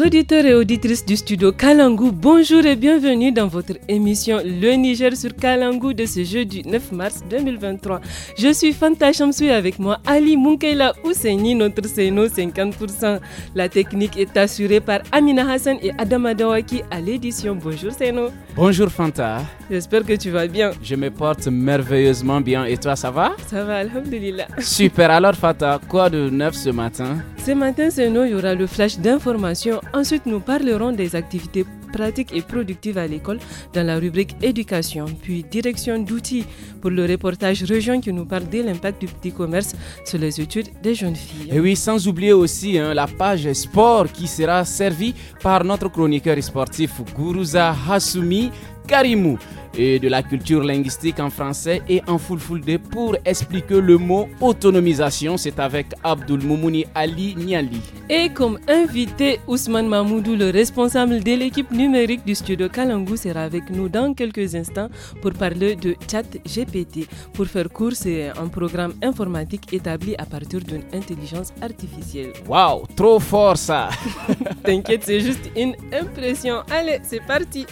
auditeurs et auditrices du studio Kalangu, bonjour et bienvenue dans votre émission Le Niger sur Kalangu de ce jeudi 9 mars 2023. Je suis Fanta Chamsui avec moi Ali Munkeila Ousseini, notre Seno 50%. La technique est assurée par Amina Hassan et Adam Dawaki à l'édition. Bonjour Seno. Bonjour Fanta. J'espère que tu vas bien. Je me porte merveilleusement bien et toi ça va Ça va, alhamdulillah. Super, alors Fanta, quoi de neuf ce matin Ce matin Seno, il y aura le flash d'information Ensuite, nous parlerons des activités pratiques et productives à l'école dans la rubrique éducation, puis direction d'outils pour le reportage région qui nous parle de l'impact du petit commerce sur les études des jeunes filles. Et oui, sans oublier aussi hein, la page sport qui sera servie par notre chroniqueur sportif Guruza Hasumi. Karimou et de la culture linguistique en français et en fulfulde pour expliquer le mot autonomisation. C'est avec Abdul Moumouni Ali Niali. Et comme invité, Ousmane Mamoudou, le responsable de l'équipe numérique du studio Kalangou, sera avec nous dans quelques instants pour parler de chat GPT. Pour faire court, c'est un programme informatique établi à partir d'une intelligence artificielle. Waouh, trop fort ça T'inquiète, c'est juste une impression. Allez, c'est parti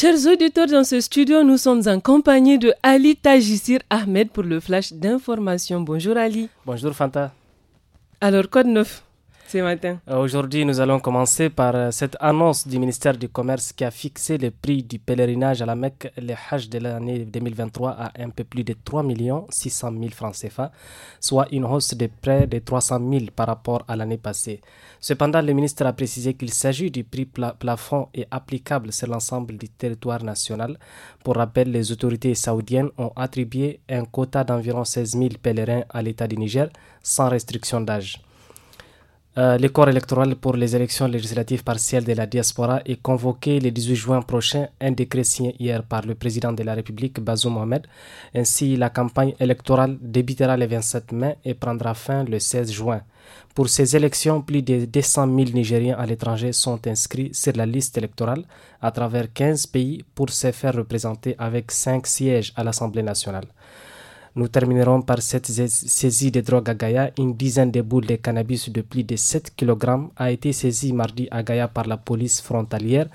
Chers auditeurs, dans ce studio, nous sommes en compagnie de Ali Tajissir Ahmed pour le flash d'information. Bonjour Ali. Bonjour Fanta. Alors, code 9. Euh, aujourd'hui, nous allons commencer par euh, cette annonce du ministère du Commerce qui a fixé le prix du pèlerinage à la Mecque, les Hajj de l'année 2023, à un peu plus de 3 600 000 francs CFA, soit une hausse de près de 300 000 par rapport à l'année passée. Cependant, le ministre a précisé qu'il s'agit du prix plafond et applicable sur l'ensemble du territoire national. Pour rappel, les autorités saoudiennes ont attribué un quota d'environ 16 000 pèlerins à l'État du Niger sans restriction d'âge. Euh, le corps électoral pour les élections législatives partielles de la diaspora est convoqué le 18 juin prochain. Un décret signé hier par le président de la République, Bazoum Mohamed. Ainsi, la campagne électorale débutera le 27 mai et prendra fin le 16 juin. Pour ces élections, plus de 200 000 Nigériens à l'étranger sont inscrits sur la liste électorale à travers 15 pays pour se faire représenter avec 5 sièges à l'Assemblée nationale. Nous terminerons par cette saisie de drogue à Gaïa. Une dizaine de boules de cannabis de plus de 7 kg a été saisie mardi à Gaïa par la police frontalière.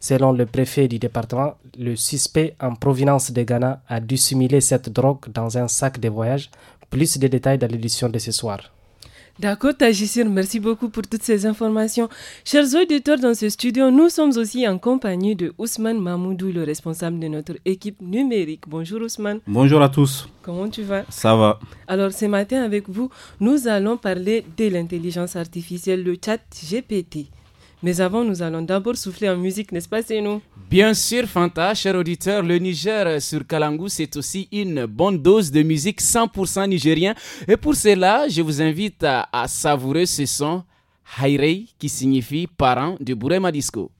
Selon le préfet du département, le suspect en provenance de Ghana a dissimulé cette drogue dans un sac de voyage. Plus de détails dans l'édition de ce soir. D'accord, Tajissir, merci beaucoup pour toutes ces informations. Chers auditeurs, dans ce studio, nous sommes aussi en compagnie de Ousmane Mamoudou, le responsable de notre équipe numérique. Bonjour Ousmane. Bonjour à tous. Comment tu vas Ça va. Alors, ce matin, avec vous, nous allons parler de l'intelligence artificielle, le chat GPT. Mais avant, nous allons d'abord souffler en musique, n'est-ce pas, c'est nous Bien sûr, Fanta, cher auditeur, le Niger sur Kalangu, c'est aussi une bonne dose de musique 100% nigérien. Et pour cela, je vous invite à, savourer ce son, Hairei, qui signifie parent de Burema Disco.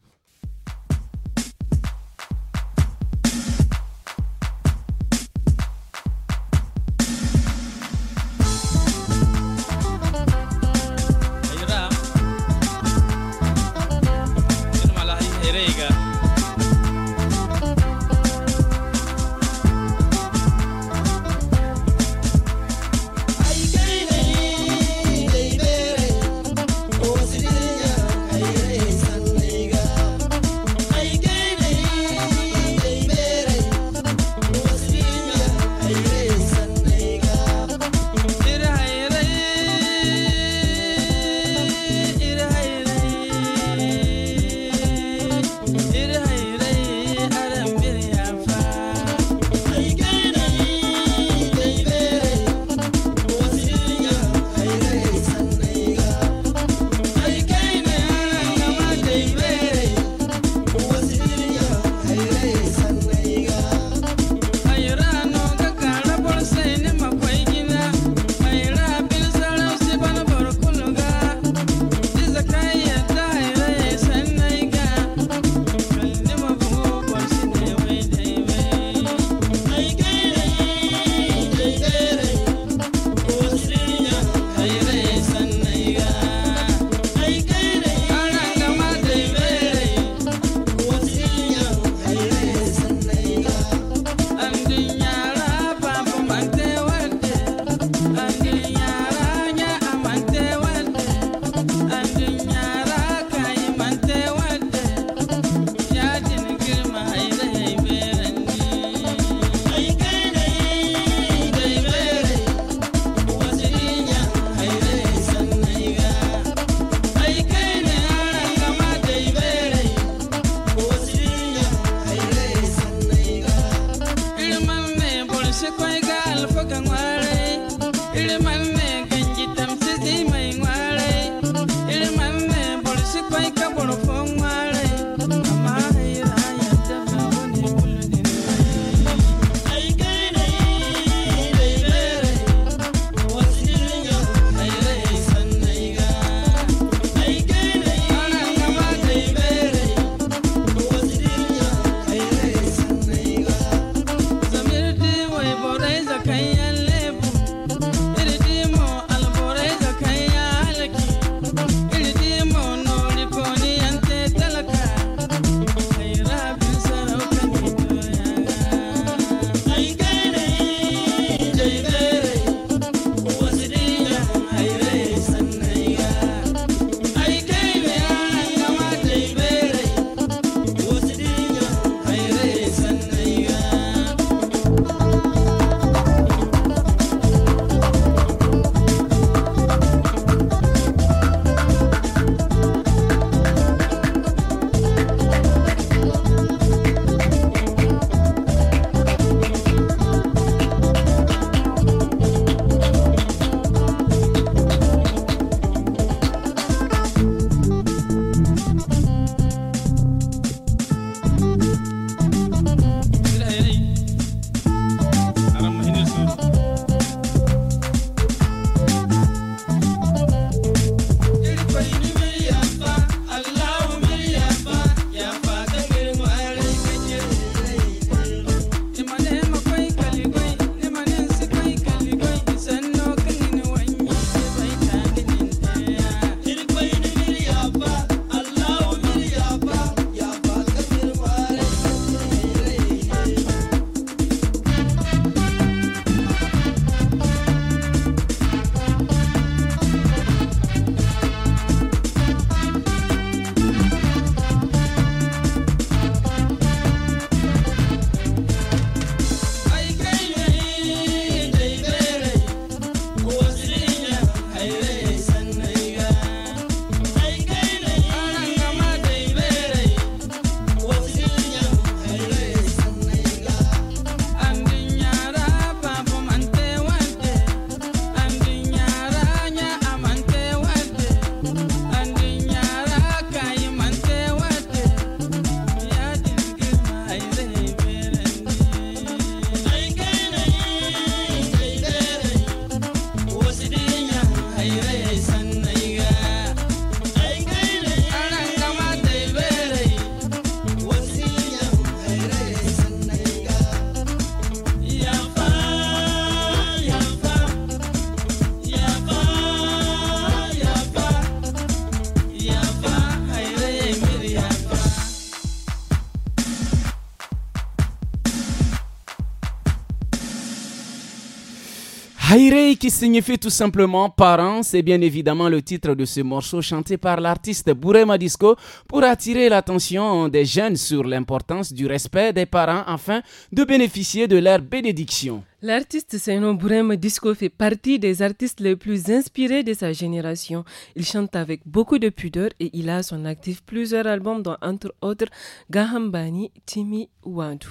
Birei qui signifie tout simplement parents, c'est bien évidemment le titre de ce morceau chanté par l'artiste Bourema Disco pour attirer l'attention des jeunes sur l'importance du respect des parents afin de bénéficier de leur bénédiction. L'artiste Seino Bourema Disco fait partie des artistes les plus inspirés de sa génération. Il chante avec beaucoup de pudeur et il a à son actif plusieurs albums dont entre autres Gahambani, Timi Wandu.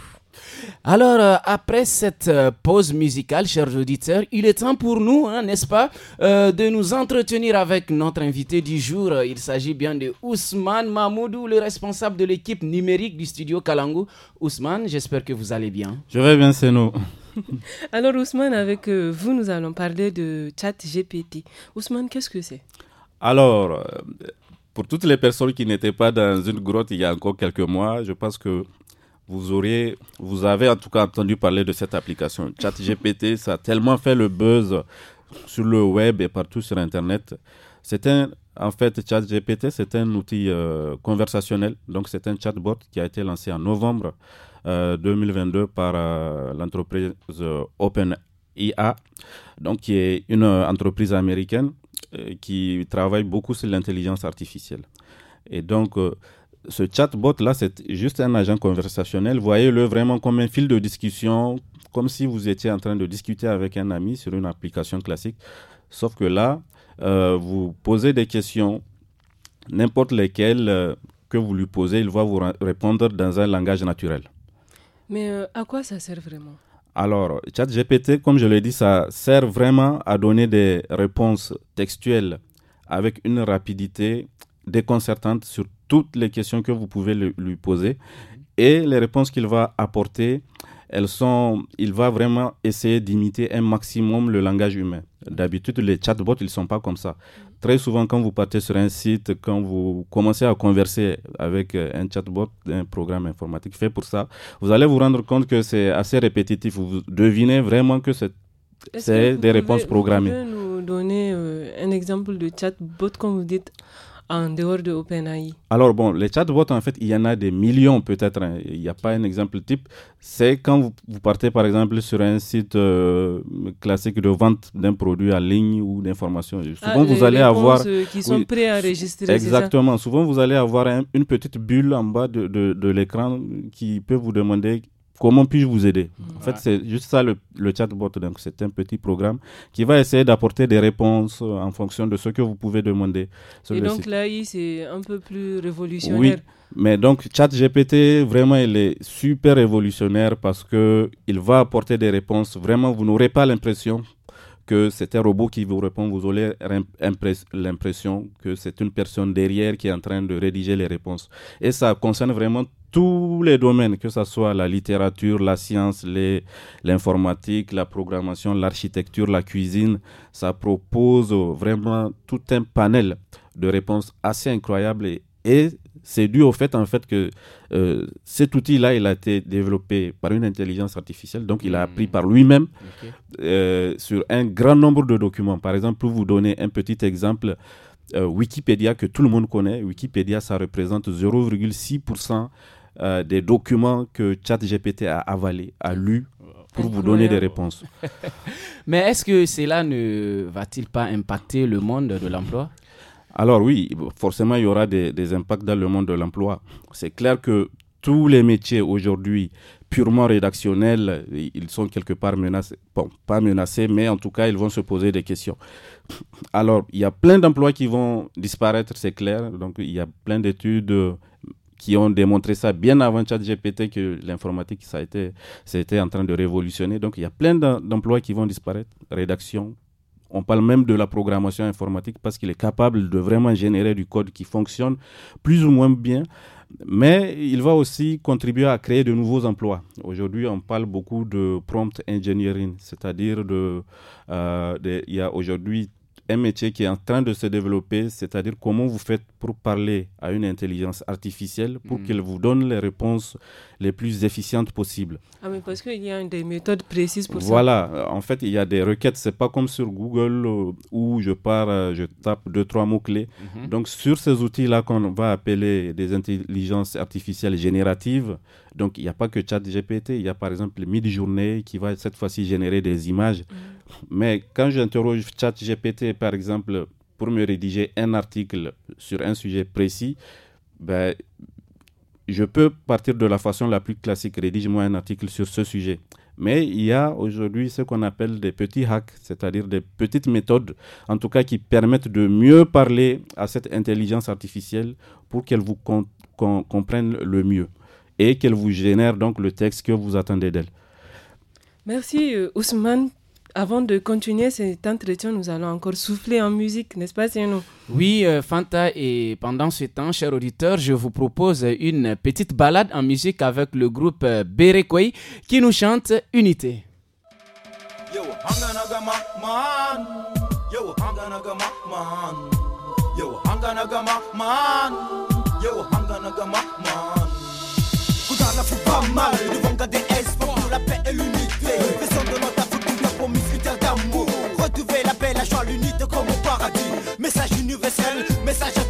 Alors, euh, après cette euh, pause musicale, chers auditeurs, il est temps pour nous, hein, n'est-ce pas, euh, de nous entretenir avec notre invité du jour. Il s'agit bien de Ousmane Mahmoudou, le responsable de l'équipe numérique du studio Kalangu. Ousmane, j'espère que vous allez bien. Je vais bien, c'est nous. Alors, Ousmane, avec vous, nous allons parler de chat GPT. Ousmane, qu'est-ce que c'est Alors, pour toutes les personnes qui n'étaient pas dans une grotte il y a encore quelques mois, je pense que vous vous avez en tout cas entendu parler de cette application. ChatGPT, ça a tellement fait le buzz sur le web et partout sur Internet. C'est un, en fait, ChatGPT, c'est un outil euh, conversationnel. Donc, c'est un chatbot qui a été lancé en novembre 2022 euh, par euh, l'entreprise OpenIA, donc qui est une entreprise américaine qui travaille beaucoup sur l'intelligence artificielle. Et donc, ce chatbot-là, c'est juste un agent conversationnel. Voyez-le vraiment comme un fil de discussion, comme si vous étiez en train de discuter avec un ami sur une application classique. Sauf que là, euh, vous posez des questions, n'importe lesquelles euh, que vous lui posez, il va vous répondre dans un langage naturel. Mais euh, à quoi ça sert vraiment Alors, ChatGPT, comme je l'ai dit, ça sert vraiment à donner des réponses textuelles avec une rapidité déconcertante sur toutes les questions que vous pouvez lui poser. Et les réponses qu'il va apporter, elles sont, il va vraiment essayer d'imiter un maximum le langage humain. D'habitude, les chatbots, ils ne sont pas comme ça. Très souvent, quand vous partez sur un site, quand vous commencez à converser avec euh, un chatbot, un programme informatique fait pour ça, vous allez vous rendre compte que c'est assez répétitif. Vous devinez vraiment que c'est des réponses programmées. Vous pouvez nous donner euh, un exemple de chatbot, comme vous dites en dehors de OpenAI Alors bon, les chatbots, en fait, il y en a des millions peut-être. Hein. Il n'y a pas un exemple type. C'est quand vous, partez, par exemple, sur un site euh, classique de vente d'un produit en ligne ou d'information. Ah, Souvent, vous allez avoir... Euh, qui sont à enregistrer. Exactement. Souvent, vous allez avoir une petite bulle en bas de, de, de l'écran qui peut vous demander Comment puis-je vous aider En fait, c'est juste ça le, chatbot. Donc, c'est un petit programme qui va essayer d'apporter des réponses euh, en fonction de ce que vous pouvez demander. Et donc, l'AI, c'est un peu plus révolutionnaire. Oui, mais donc, ChatGPT, vraiment, il est super révolutionnaire parce qu'il va apporter des réponses. Vraiment, vous n'aurez pas l'impression que c'est un robot qui vous répond, vous aurez l'impression que c'est une personne derrière qui est en train de rédiger les réponses. Et ça concerne vraiment tous les domaines, que ce soit la littérature, la science, l'informatique, la programmation, l'architecture, la cuisine, ça propose vraiment tout un panel de réponses assez incroyables et, c'est dû au fait en fait que euh, cet outil-là, il a été développé par une intelligence artificielle, donc il a appris hmm. par lui-même euh, sur un grand nombre de documents. Par exemple, pour vous donner un petit exemple, euh, Wikipédia que tout le monde connaît, Wikipédia, ça représente 0,6% euh, des documents que ChatGPT a avalés, a lus pour vous donner des réponses. Mais est-ce que cela ne va-t-il pas impacter le monde de l'emploi Alors oui, forcément, il y aura des, des impacts dans le monde de l'emploi. C'est clair que tous les métiers aujourd'hui purement rédactionnels, ils sont quelque part menacés. Bon, pas menacés, mais en tout cas, ils vont se poser des questions. Alors, il y a plein d'emplois qui vont disparaître, c'est clair. Donc, il y a plein d'études qui ont démontré ça bien avant ChatGPT que l'informatique, ça a été, c'était en train de révolutionner. Donc, il y a plein d'emplois qui vont disparaître. Rédaction. On parle même de la programmation informatique parce qu'il est capable de vraiment générer du code qui fonctionne plus ou moins bien. Mais il va aussi contribuer à créer de nouveaux emplois. Aujourd'hui, on parle beaucoup de prompt engineering, c'est-à-dire de, euh, il y a aujourd'hui un métier qui est en train de se développer, c'est-à-dire comment vous faites pour parler à une intelligence artificielle pour mm. qu'elle vous donne les réponses les plus efficientes possibles. Ah mais parce qu'il y a des méthodes précises pour ça. Voilà, en fait, il y a des requêtes, c'est pas comme sur Google euh, où je pars, euh, je tape deux trois mots clés. Mhm. Donc sur ces outils-là qu'on va appeler des intelligences artificielles génératives, donc il n'y a pas que ChatGPT, il y a par exemple Midjourney qui va cette fois-ci générer des images. Mm. Mais quand j'interroge ChatGPT, par exemple, pour me rédiger un article sur un sujet précis, ben, je peux partir de la façon la plus classique, rédige-moi un article sur ce sujet. Mais il y a aujourd'hui ce qu'on appelle des petits hacks, c'est-à-dire des petites méthodes, en tout cas qui permettent de mieux parler à cette intelligence artificielle pour qu'elle vous comprenne le mieux et qu'elle vous génère donc le texte que vous attendez d'elle. Merci euh, Ousmane avant de continuer cet entretien, nous allons encore souffler en musique, n'est-ce pas, Sienno Oui, euh, Fanta, et pendant ce temps, chers auditeurs, je vous propose une petite balade en musique avec le groupe euh, Berekwei qui nous chante Unité. Yo, Message universel, message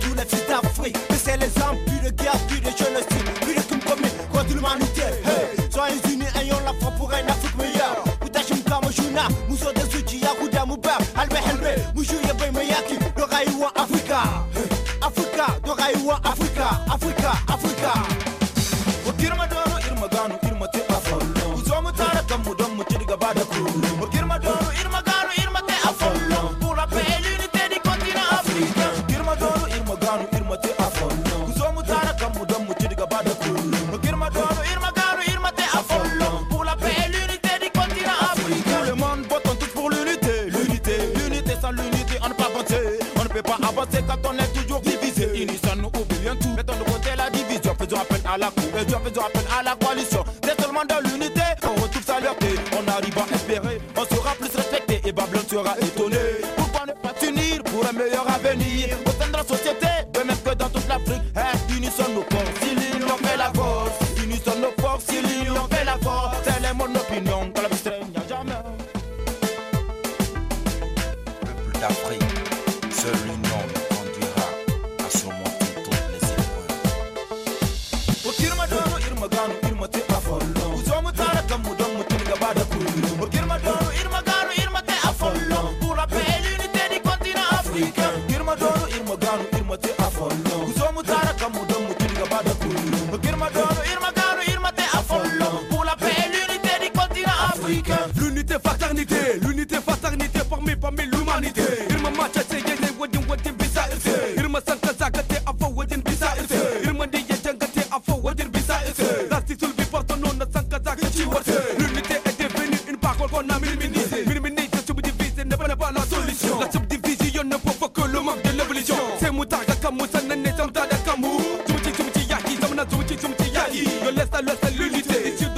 yo semutaka kamusanane samtada kamu chumuchi chumuchi yaki samana chumuchi chumuchi yaki yo lesa lesa lulite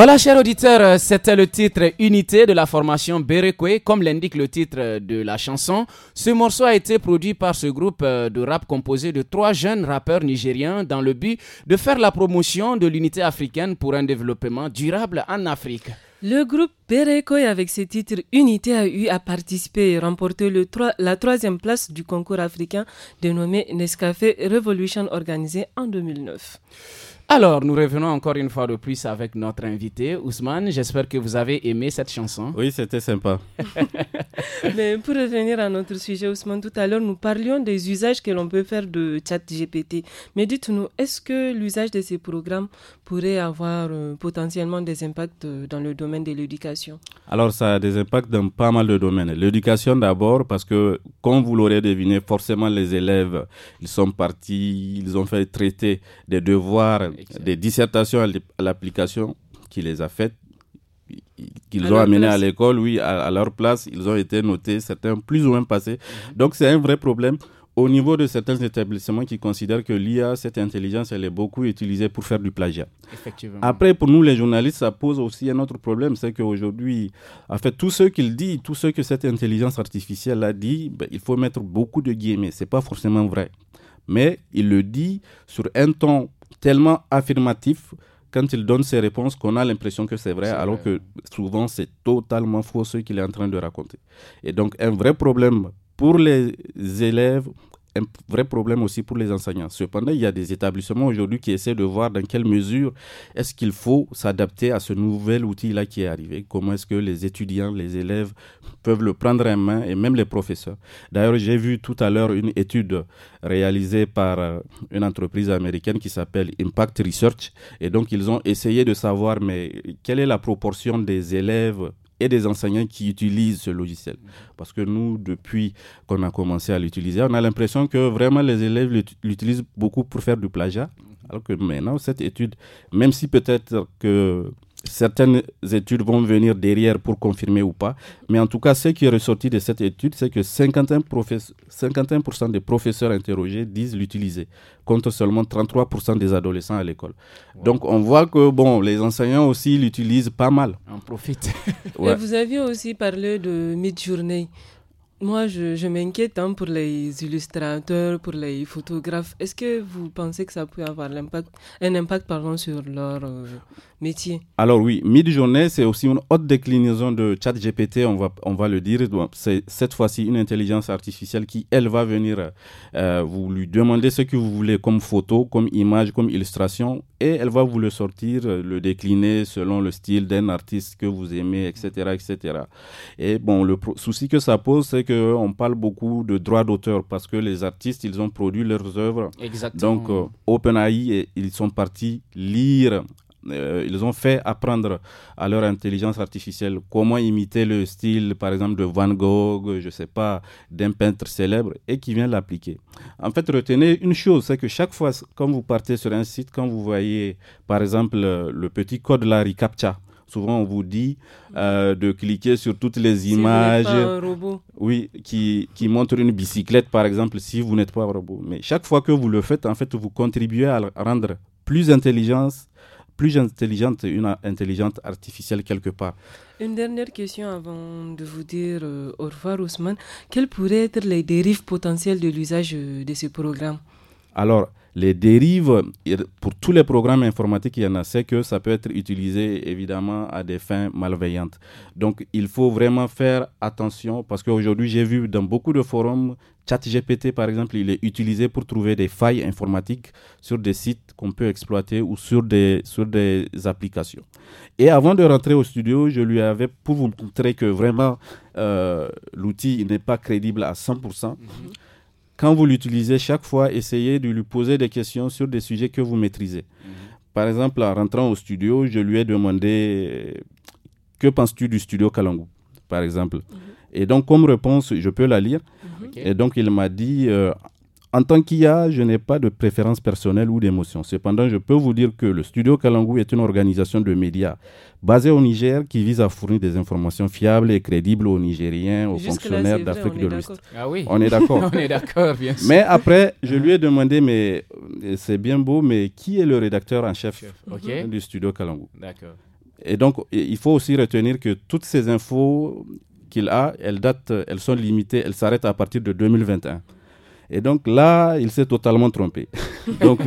Voilà, chers auditeurs, euh, c'était le titre Unité de la formation Berekwe, comme l'indique le titre euh, de la chanson. Ce morceau a été produit par ce groupe euh, de rap composé de trois jeunes rappeurs nigériens dans le but de faire la promotion de l'unité africaine pour un développement durable en Afrique. Le groupe Berekoy, avec ses titres Unité, a eu à participer et remporter le la troisième place du concours africain dénommé Nescafé Revolution organisé en 2009. Alors, nous revenons encore une fois de plus avec notre invité, Ousmane. J'espère que vous avez aimé cette chanson. Oui, c'était sympa. Mais pour revenir à notre sujet, Ousmane, tout à l'heure, nous parlions des usages que l'on peut faire de ChatGPT. Mais dites-nous, est-ce que l'usage de ces programmes pourrait avoir euh, potentiellement des impacts euh, dans le domaine de l'éducation Alors, ça a des impacts dans pas mal de domaines. L'éducation d'abord, parce que, comme vous l'aurez deviné, forcément, les élèves, ils sont partis, ils ont fait traiter des devoirs, des dissertations à l'application qui les a faites qu'ils ont amené à l'école, oui, à, leur place, ils ont été notés, certains plus ou moins passés. Mhm. Donc, c'est un vrai problème au niveau de certains établissements qui considèrent que l'IA, cette intelligence, elle est beaucoup utilisée pour faire du plagiat. Effectivement. Après, pour nous, les journalistes, ça pose aussi un autre problème, c'est qu'aujourd'hui, en fait, tout ce qu'il dit, tout ce que cette intelligence artificielle a dit, ben, il faut mettre beaucoup de guillemets. C'est pas forcément vrai, mais il le dit sur un ton tellement affirmatif quand il donne ses réponses qu'on a l'impression que c'est vrai, alors que souvent c'est totalement faux ce qu'il est en train de raconter. Et donc un vrai problème pour les élèves, un vrai problème aussi pour les enseignants. Cependant, il y a des établissements aujourd'hui qui essaient de voir dans quelle mesure est-ce qu'il faut s'adapter à ce nouvel outil-là qui est arrivé. Comment est-ce que les étudiants, les élèves peuvent le prendre en main et même les professeurs. D'ailleurs, j'ai vu tout à l'heure une étude réalisée par euh, une entreprise américaine qui s'appelle Impact Research. Et donc, ils ont essayé de savoir, mais quelle est la proportion des élèves et des enseignants qui utilisent ce logiciel. Parce que nous, depuis qu'on a commencé à l'utiliser, on a l'impression que vraiment les élèves l'utilisent beaucoup pour faire du plagiat. Alors que maintenant, cette étude, même si peut-être que certaines études vont venir derrière pour confirmer ou pas. Mais en tout cas, ce qui est ressorti de cette étude, c'est que 51%, 51 des professeurs interrogés disent l'utiliser, contre seulement 33% des adolescents à l'école. Donc on voit que bon, les enseignants aussi l'utilisent pas mal. On profite. Et vous aviez aussi parlé de mid-journée. Moi, je, m'inquiète hein, pour les illustrateurs, pour les photographes. Est-ce que vous pensez que ça peut avoir un impact pardon, sur leur euh, alors oui, mid-journée, c'est aussi une haute déclinaison de chat on va, on va le dire. C'est cette fois-ci une intelligence artificielle qui, elle, va venir euh, vous lui demander ce que vous voulez comme photo, comme image, comme illustration, et elle va vous le sortir, euh, le décliner selon le style d'un artiste que vous aimez, etc. etc. Et bon, le souci que ça pose, c'est qu'on parle beaucoup de droits d'auteur parce que les artistes, ils ont produit leurs œuvres. Exactement. Donc, euh, OpenAI, ils sont partis lire euh, ils ont fait apprendre à leur intelligence artificielle comment imiter le style, par exemple, de Van Gogh, je ne sais pas, d'un peintre célèbre, et qui vient l'appliquer. En fait, retenez une chose, c'est que chaque fois, quand vous partez sur un site, quand vous voyez, par exemple, le petit code la recaptcha, souvent on vous dit euh, de cliquer sur toutes les images pas robot. oui qui, qui montrent une bicyclette par exemple si vous n'êtes pas un robot mais chaque fois que vous le faites en fait vous contribuez à rendre plus intelligence plus intelligente, une intelligence artificielle quelque part. Une dernière question avant de vous dire euh, au revoir Ousmane. Quelles pourraient être les dérives potentielles de l'usage euh, de ce programme Alors, les dérives, pour tous les programmes informatiques, il y en a, c'est que ça peut être utilisé évidemment à des fins malveillantes. Donc il faut vraiment faire attention parce qu'aujourd'hui j'ai vu dans beaucoup de forums ChatGPT, par exemple, il est utilisé pour trouver des failles informatiques sur des sites qu'on peut exploiter ou sur des, sur des applications. Et avant de rentrer au studio, je lui avais, pour vous montrer que vraiment euh, l'outil n'est pas crédible à 100%, mhm. quand vous l'utilisez chaque fois, essayez de lui poser des questions sur des sujets que vous maîtrisez. Mhm. Par exemple, en rentrant au studio, je lui ai demandé Que penses-tu du studio Kalangu par exemple mhm. Et donc, comme réponse, je peux la lire. Et donc, il m'a dit euh, En tant qu'IA, je n'ai pas de préférence personnelle ou d'émotion. Cependant, je peux vous dire que le studio Kalangu est une organisation de médias basée au Niger qui vise à fournir des informations fiables et crédibles aux Nigériens, aux fonctionnaires d'Afrique de l'Ouest. Ah on est d'accord. on est d'accord, bien sûr. Mais après, je lui ai ah. demandé Mais euh, c'est bien beau, mais qui est le rédacteur en chef du studio Kalangu D'accord. Et donc, il faut aussi retenir que toutes ces infos qu'il a, elles datent, elles sont limitées, elles s'arrêtent à partir de 2021. Et donc là, il s'est totalement trompé. donc,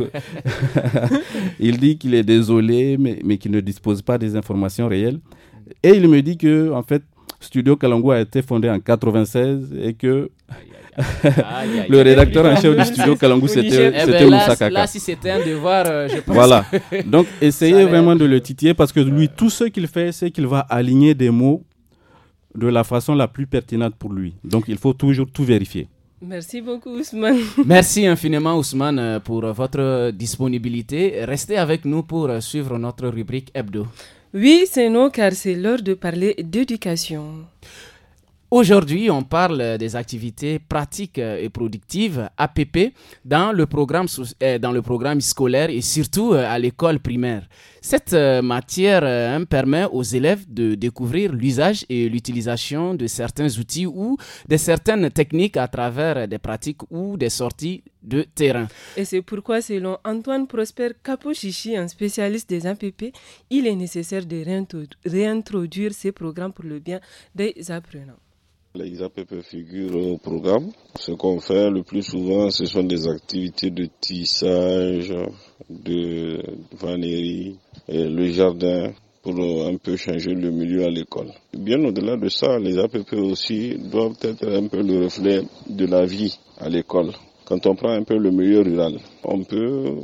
il dit qu'il est désolé, mais, mais qu'il ne dispose pas des informations réelles. Et il me dit que, en fait, Studio Kalangu a été fondé en 96 et que le rédacteur en chef du Studio Kalangu c'était eh ben Là, si c'était un devoir, euh, je pense. Voilà. Donc, essayez vraiment de le titiller parce que lui, tout ce qu'il fait, c'est qu'il va aligner des mots de la façon la plus pertinente pour lui. Donc il faut toujours tout vérifier. Merci beaucoup Ousmane. Merci infiniment Ousmane pour votre disponibilité. Restez avec nous pour suivre notre rubrique hebdo. Oui, c'est nous, car c'est l'heure de parler d'éducation. Aujourd'hui, on parle des activités pratiques euh, et productives, APP, dans le programme, euh, dans le programme scolaire et surtout euh, à l'école primaire. Cette matière hein, permet aux élèves de découvrir l'usage et l'utilisation de certains outils ou de certaines techniques à travers des pratiques ou des sorties de terrain. Et c'est pourquoi, selon Antoine Prosper Capochichi, un spécialiste des APP, il est nécessaire de réintroduire ces programmes pour le bien des apprenants. Les APP figurent au programme. Ce qu'on fait le plus souvent, ce sont des activités de tissage, de vannerie, et le jardin, pour un peu changer le milieu à l'école. Bien au-delà de ça, les APP aussi doivent être un peu le reflet de la vie à l'école. Quand on prend un peu le milieu rural, on peut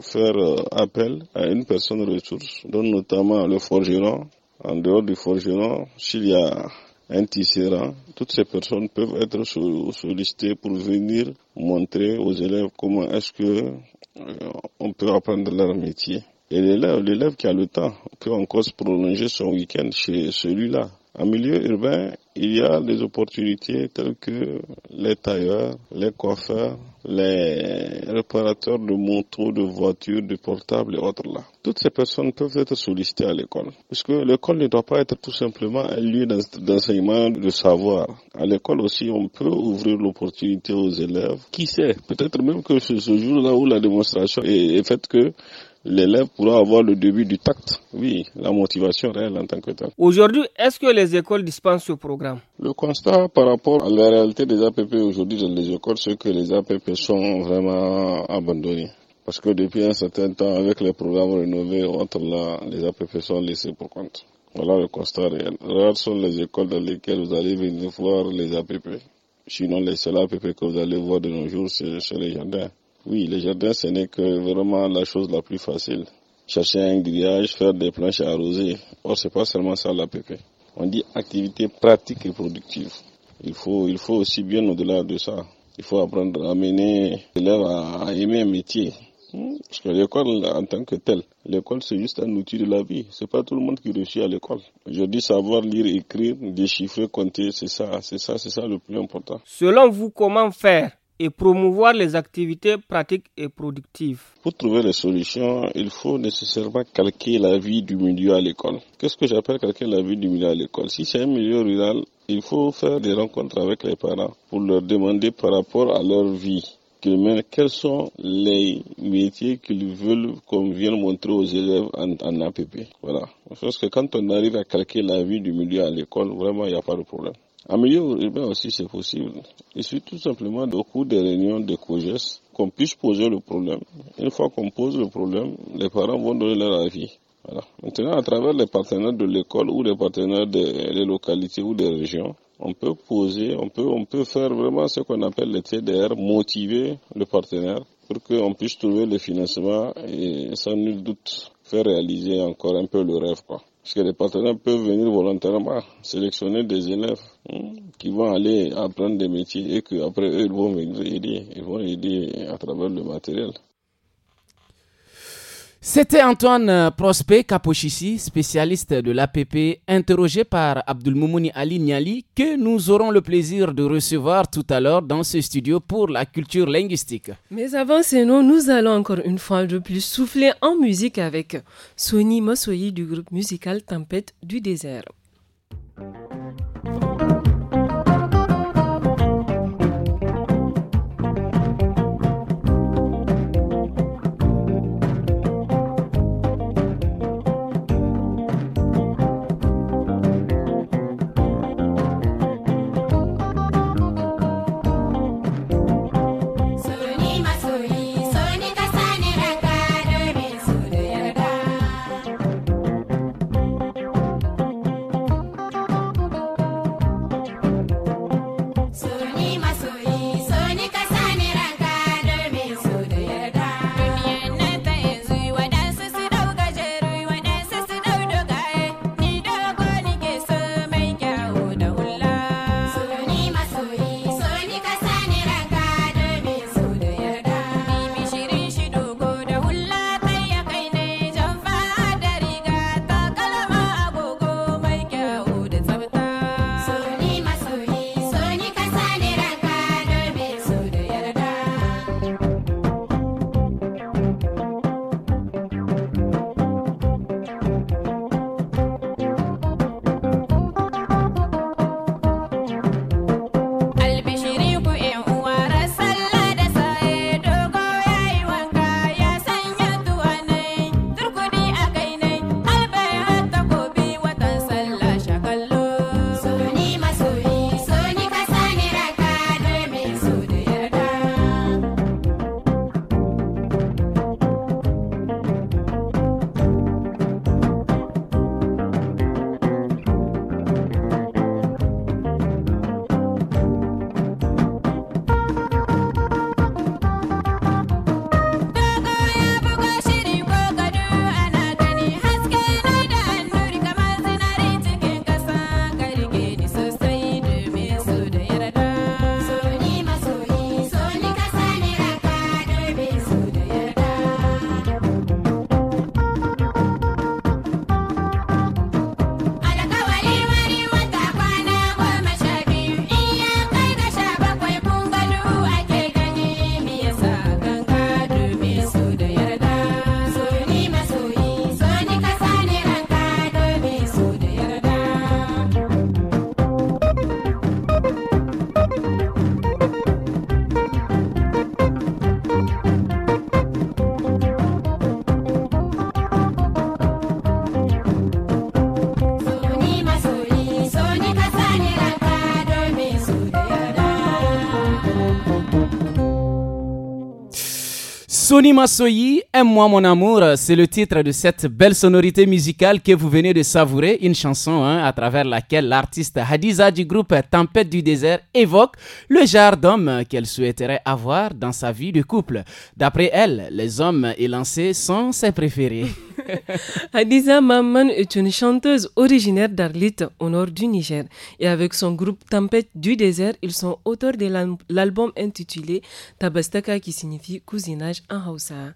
faire euh, appel à une personne ressource, dont notamment le forgeron. En dehors du forgeron, s'il y a un tisserand. Toutes ces personnes peuvent être sollicitées pour venir montrer aux élèves comment est-ce que euh, on peut apprendre leur métier. Et l'élève, l'élève qui a le temps peut encore prolonger son week-end chez celui-là. En milieu urbain, il y a des opportunités telles que les tailleurs, les coiffeurs, les réparateurs de motos, de voitures, de portables et autres là. Toutes ces personnes peuvent être sollicitées à l'école. Puisque l'école ne doit pas être tout simplement un lieu d'enseignement de savoir. À l'école aussi, on peut ouvrir l'opportunité aux élèves. Qui sait? Peut-être même que ce jour-là où la démonstration est faite que l'élève pourra avoir le début du tact, oui, la motivation réelle en tant que tel. Aujourd'hui, est-ce que les écoles dispensent ce programme Le constat par rapport à la réalité des APP aujourd'hui dans les écoles, c'est que les APP sont vraiment abandonnés. Parce que depuis un certain temps, avec les programmes rénovés, entre là, les APP sont laissés pour compte. Voilà le constat réel. Rares sont les écoles dans lesquelles vous allez venir voir les APP. Sinon, les seuls APP que vous allez voir de nos jours, c'est les gendarmes. Oui, le jardin, ce n'est que vraiment la chose la plus facile. Chercher un grillage, faire des planches à arroser. Or, c'est pas seulement ça la l'APP. On dit activité pratique et productive. Il faut, il faut aussi bien au-delà de ça. Il faut apprendre à amener l'élève à, à aimer un métier. Hmm, parce que l'école en tant que telle, l'école c'est juste un outil de la vie. C'est pas tout le monde qui réussit à l'école. Je dis savoir lire, écrire, déchiffrer, compter, c'est ça, c'est ça, c'est ça le plus important. Selon vous, comment faire et promouvoir les activités pratiques et productives. Pour trouver les solutions, il faut nécessairement calquer la vie du milieu à l'école. Qu'est-ce que j'appelle calquer la vie du milieu à l'école Si c'est un milieu rural, il faut faire des rencontres avec les parents pour leur demander par rapport à leur vie quels sont les métiers qu'ils veulent qu'on vienne montrer aux élèves en, APP. Voilà. Je pense que quand on arrive à calquer la vie du milieu à l'école, vraiment, il n'y a pas de problème améliorer aussi c'est possible. Il suffit tout simplement de cours des réunions de COGES qu'on puisse poser le problème. Une fois qu'on pose le problème, les parents vont donner leur avis. Voilà. Maintenant, à travers les partenaires de l'école ou les partenaires des, localités ou des régions, on peut poser, on peut, on peut faire vraiment ce qu'on appelle le TDR, motiver le partenaire pour qu'on puisse trouver le financement et sans nul doute faire réaliser encore un peu le rêve. Quoi. Parce que les partenaires peuvent venir volontairement sélectionner des élèves hein, qui vont aller apprendre des métiers et qu'après eux, ils vont venir aider, ils vont aider à travers le matériel. C'était Antoine euh, Prospect Capochissi, spécialiste de l'APP, interrogé par Abdulmoumouni Ali Niali, que nous aurons le plaisir de recevoir tout à l'heure dans ce studio pour la culture linguistique. Mais avant ce nom, nous allons encore une fois de plus souffler en musique avec Sony Mosoyi du groupe musical Tempête du désert. Sony Masoyi, Aime-moi mon amour, c'est le titre de cette belle sonorité musicale que vous venez de savourer, une chanson hein, à travers laquelle l'artiste Hadiza du groupe Tempête du désert évoque le genre d'homme qu'elle souhaiterait avoir dans sa vie de couple. D'après elle, les hommes élancés sont ses préférés. Hadiza Mamman est une chanteuse originaire d'Arlit, au nord du Niger. Et avec son groupe Tempête du désert, ils sont auteurs de l'album intitulé Tabastaka qui signifie cousinage en Hausa.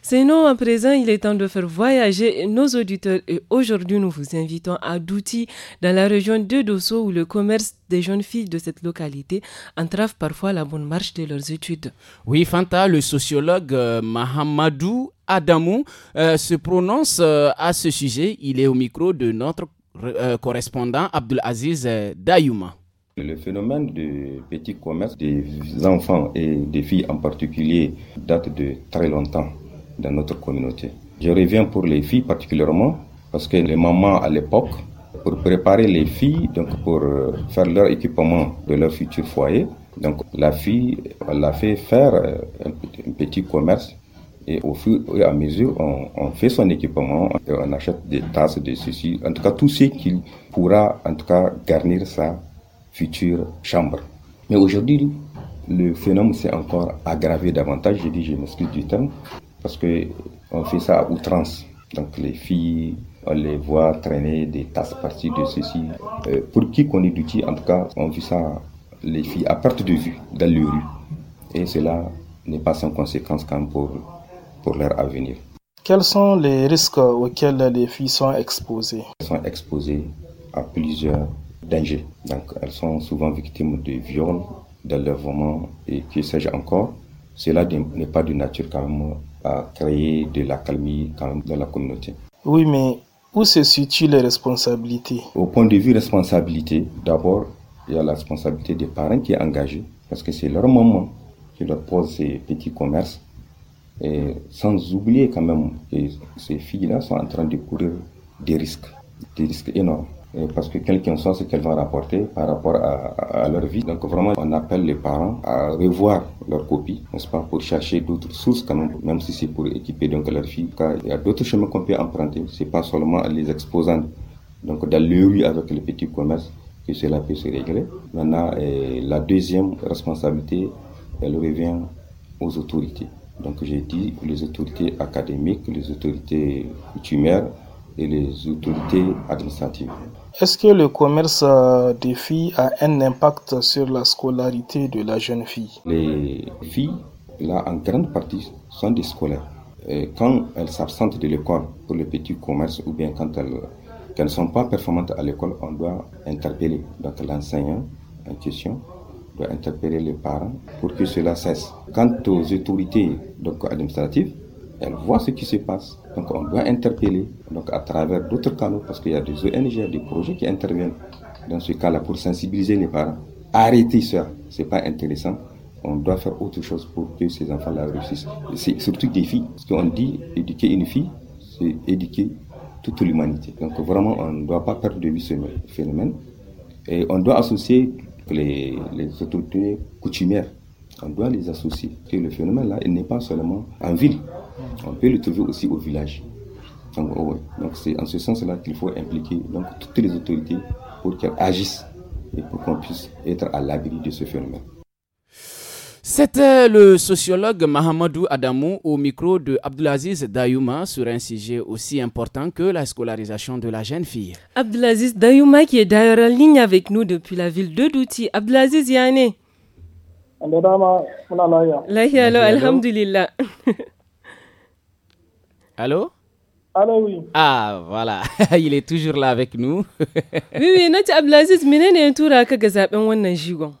Sinon, à présent, il est temps de faire voyager nos auditeurs et aujourd'hui, nous vous invitons à Douti, dans la région de Dosso, où le commerce des jeunes filles de cette localité entrave parfois la bonne marche de leurs études. Oui, Fanta, le sociologue euh, Mahamadou Adamou euh, se prononce euh, à ce sujet. Il est au micro de notre correspondant Abdelaziz Dayouma. Le phénomène du petit commerce des enfants et des filles en particulier date de très longtemps dans notre communauté. Je reviens pour les filles particulièrement, parce que les mamans à l'époque, pour préparer les filles, donc pour euh, faire leur équipement de leur futur foyer, donc la fille, on l'a fait faire euh, un petit commerce et au fur et à mesure, on, on fait son équipement, on achète des tasses de ceci, en tout cas tout ce qui pourra en tout cas garnir sa future chambre. Mais aujourd'hui, le phénomène s'est encore aggravé davantage, je dis, je m'excuse du terme, parce qu'on fait ça à outrance. Donc les filles, on les voit traîner des tasses parties de ceci. Euh, pour qui qu'on est d'outils, en tout cas, on vit ça, les filles, à perte de vue, dans les rues. Et cela n'est pas sans conséquence quand même pour, pour leur avenir. Quels sont les risques auxquels les filles sont exposées Elles sont exposées à plusieurs dangers. Donc elles sont souvent victimes de viols, d'enlèvements et que sais-je encore. Cela n'est pas de nature quand même créer de la calmie dans la communauté. Oui, mais où se situent les responsabilités Au point de vue responsabilité, d'abord, il y a la responsabilité des parents qui est engagée, parce que c'est leur maman qui leur pose ces petits commerces. Et sans oublier quand même que ces filles-là sont en train de courir des risques, des risques énormes. Euh, parce que quelqu'un sent ce qu'elles vont rapporter par rapport à, leur vie. Donc vraiment, on appelle les parents à revoir leur copie, n'est-ce pas, pour chercher d'autres sources quand même, même si c'est pour équiper leur fille. Car il y a d'autres chemins qu'on peut emprunter, c'est pas seulement les exposants, donc dans le avec les petits commerces que cela peut se régler. Maintenant, la deuxième responsabilité, elle revient aux autorités. Donc j'ai dit les autorités académiques, les autorités coutumières, et les autorités administratives. Est-ce que le commerce euh, des filles a un impact sur la scolarité de la jeune fille Les filles, là, en grande partie, sont des scolaires. Et quand elles s'absentent de l'école pour le petit commerce ou bien quand elles, ne sont pas performantes à l'école, on doit interpeller. Donc l'enseignant en question doit interpeller les parents pour que cela cesse. Quant aux autorités donc, administratives, elles voient ce qui se passe donc on doit interpeller donc à travers d'autres canaux, parce qu'il y a des ONG, des projets qui interviennent dans ce cas-là pour sensibiliser les parents. Arrêtez ça, ce n'est pas intéressant. On doit faire autre chose pour que ces enfants-là réussissent. C'est surtout des filles, Ce qu'on dit éduquer une fille, c'est éduquer toute l'humanité. Donc vraiment, on ne doit pas perdre de vue ce phénomène. Et on doit associer les, les autorités coutumières on doit les associer. Que le phénomène-là, il n'est pas seulement en ville. On peut le trouver aussi au village. Oh donc, c'est en ce sens-là qu'il faut impliquer donc, toutes les autorités pour qu'elles agissent et pour qu'on puisse être à l'abri de ce phénomène. C'était le sociologue Mahamadou Adamou au micro de Abdelaziz Dayouma sur un sujet aussi important que la scolarisation de la jeune fille. Abdelaziz Dayouma qui est d'ailleurs en ligne avec nous depuis la ville de Douti. Abdelaziz Yane. da dama muna lafiya. Lafiya lau alhamdulillah. allo. Allô, oui. Ah, voilà. Il est toujours là avec nous. oui, oui, na ci menene ya tura ka ga zaben wannan jigon?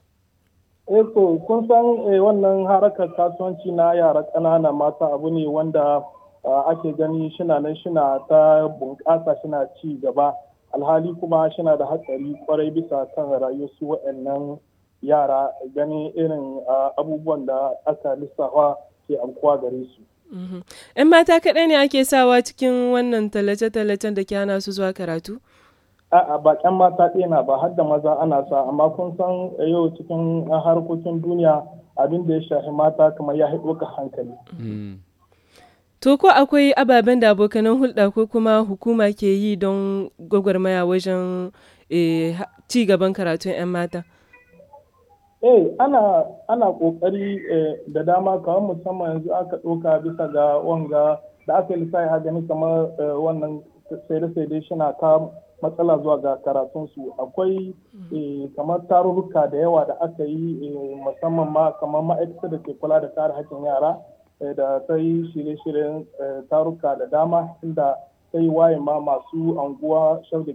Eh, ko kun san eh, wannan harakar kasuwanci na yara ƙanana mata abu ne wanda ah, ake gani shina nan shina ta bunƙasa shina ci gaba. Alhali kuma shina da hatsari kwarai bisa kan rayuwar su waɗannan yara ganin irin abubuwan da aka lissafa ke amkuwa gare su. Mhm. ‘Yan mata kaɗai ne ake sawa cikin wannan talace-talacen da ke su zuwa karatu? A'a ba ƙyan mata ɗena ba har da maza ana sa amma kun san yau cikin harkokin duniya abin da ya shafi mata kamar ya haɗu ka hankali. Mm. To ko akwai ababen da abokanan hulɗa ko kuma hukuma ke yi don gwagwarmaya wajen eh, ci gaban karatun 'yan mata? Eh, ana ana eh, da dama kamar musamman yanzu aka ɗauka bisa ga wanga da aka lissafi a gani kamar eh, wannan saide shi na ta matsala zuwa ga karatunsu akwai eh, kamar tarurruka da yawa da aka yi musamman ma kamar ma'aikata da ke kula da kare hakkin yara da ta yi shirye-shiryen taruka da dama inda ta yi waye ma masu anguwa shau da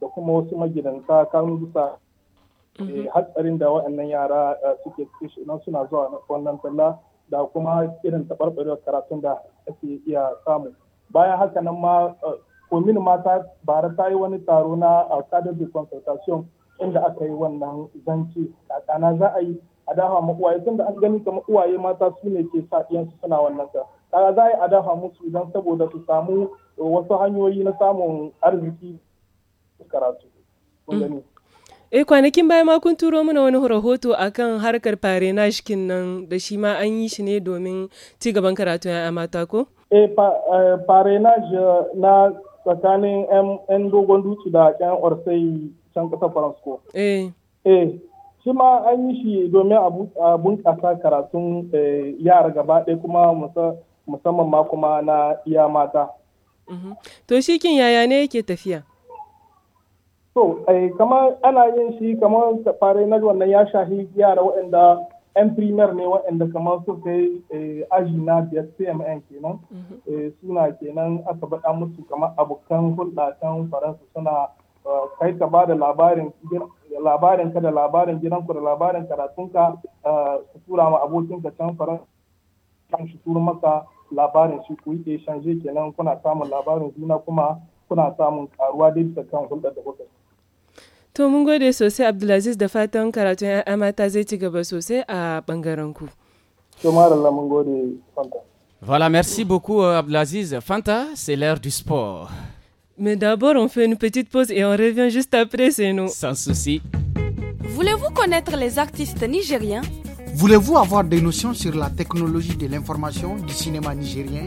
da kuma wasu magidanta kan bisa Eh, mhm. hatsarin da waɗannan yara eh, suke nan suna zuwa wannan talla da kuma irin taɓarɓarewar karatun da ake iya samu bayan haka nan ma eh, komin mata bara ta yi wani taro na cadre de consultation inda aka yi wannan zance kakana za a yi a dafa da an gani ka makuwaye mata su ne ke sa su suna wannan ta kaga za a yi a dafa musu don saboda su samu wasu hanyoyi na samun arziki karatu. Eh kwanakin baya ma kun turo mana wani rahoto akan harkar parenage kin nan da shi ma an yi shi ne domin ci gaban karatu ya mata ko? Eh parenage eh, na tsakanin 'yan dogon duci da 'yan orsai can france ko Eh. Eh shi ma an yi shi domin a bunƙasa karatun eh, yara gaba ɗaya kuma musamman ma kuma na iya mata. Mhm. To shi kin yaya ne yake tafiya? so eh, kamar ana yin shi kamar fare na wannan ya shahi yara waɗanda 'yan primer ne waɗanda kamar su kai eh, aji na biyar cmn kenan mm-hmm. eh, suna kenan aka baɗa musu kamar abokan hulɗa can faransa suna kai ka ba da labarin labarin ka da labarin gidanku da labarin karatunka su tura ma ka can faransa kan shi turu maka labarin shi ku yi ke shanje kenan kuna samun labarin juna kuma Voilà, merci beaucoup euh, Abdelaziz. Fanta, c'est l'heure du sport. Mais d'abord, on fait une petite pause et on revient juste après, c'est nous. Sans souci. Voulez-vous connaître les artistes nigériens Voulez-vous avoir des notions sur la technologie de l'information du cinéma nigérien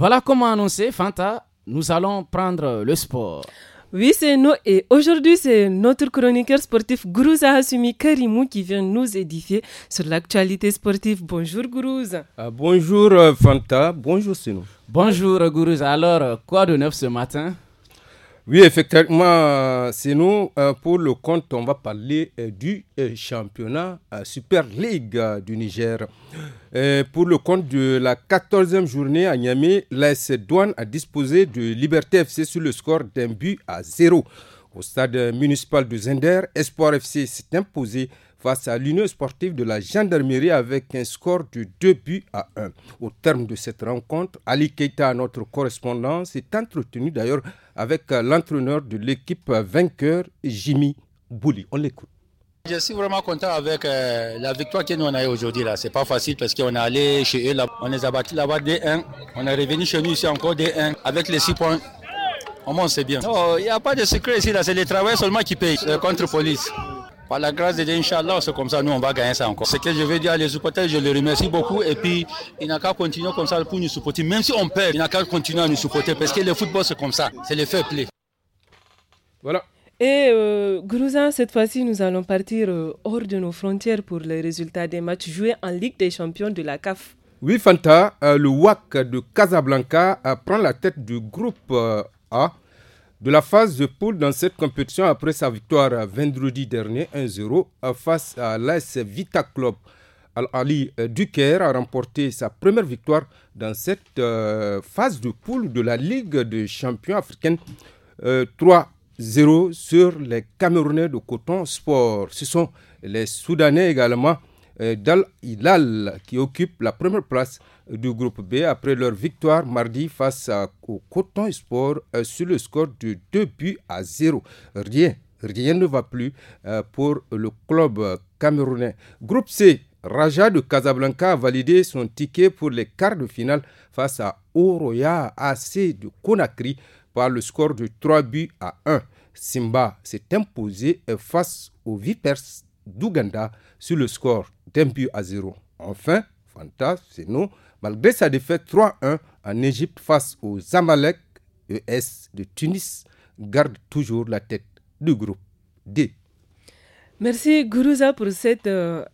Voilà comment annoncer Fanta, nous allons prendre le sport. Oui, c'est nous. Et aujourd'hui, c'est notre chroniqueur sportif Gourouza Asumi Karimou qui vient nous édifier sur l'actualité sportive. Bonjour Gourouza. Euh, bonjour euh, Fanta, bonjour nous. Bonjour Gourouza. Alors, euh, quoi de neuf ce matin oui, effectivement, c'est nous. Euh, pour le compte, on va parler euh, du euh, championnat Super League du Niger. Pour le compte de la 14e journée à Niamey, l'AS Douane a disposé de Liberté FC sur le score d'un but à zéro. Au stade municipal de Zender, Espoir FC s'est imposé face à l'Union sportive de la gendarmerie avec un score de 2 buts à 1. Au terme de cette rencontre, Ali Keita, notre correspondant, s'est entretenu d'ailleurs avec euh, l'entraîneur de l'équipe euh, vainqueur, Jimmy Bouli. On l'écoute. Je suis vraiment content avec euh, la victoire que nous on a eu aujourd'hui là. C'est pas facile parce qu'on est allé chez eux là, on les a battus là-bas D1. On est revenu chez nous ici encore D1 avec les 6 points. Au moins c'est bien. Il n'y a pas de secret ici c'est les travailleurs seulement qui payent contre contre police. Par la grâce de Dieu, Inch'Allah, c'est comme ça, nous, on va gagner ça encore. Ce que je veux dire à les supporters, je les remercie beaucoup. Et puis, il n'a qu'à continuer comme ça pour nous supporter. Même si on perd, il n'a qu'à continuer à nous supporter. Parce que le football, c'est comme ça. C'est le fair play. Voilà. Et euh, cette fois-ci, nous allons partir euh, hors de nos frontières pour les résultats des matchs joués en Ligue des champions de la CAF. Oui, Fanta, euh, le WAC de Casablanca prend la tête du groupe A de la phase de poule dans cette compétition après sa victoire vendredi dernier 1-0 euh, face à l'AS Vita Club. Al-Ali euh, Duker a remporté sa première victoire dans cette euh, phase de poule de la Ligue des champions africaine 3-0 sur les Camerounais de Coton Sport. Ce sont les Soudanais également d'Al-Hilal qui occupent la première place du groupe B après leur victoire mardi face au Coton Sport euh, sur le score de 2 buts à 0. Rien, rien ne va plus euh, pour le club camerounais. Groupe C, Raja de Casablanca a validé son ticket pour les quarts de finale face à Oroya AC de Conakry par le score de 3 buts à 1. Simba s'est imposé euh, face aux Vipers d'Ouganda sur le score d'un but à 0. Enfin, Fantas, c'est nous Malgré sa défaite 3-1 en Égypte face aux Amalek ES de Tunis, garde toujours la tête du groupe D. Merci Gourouza euh,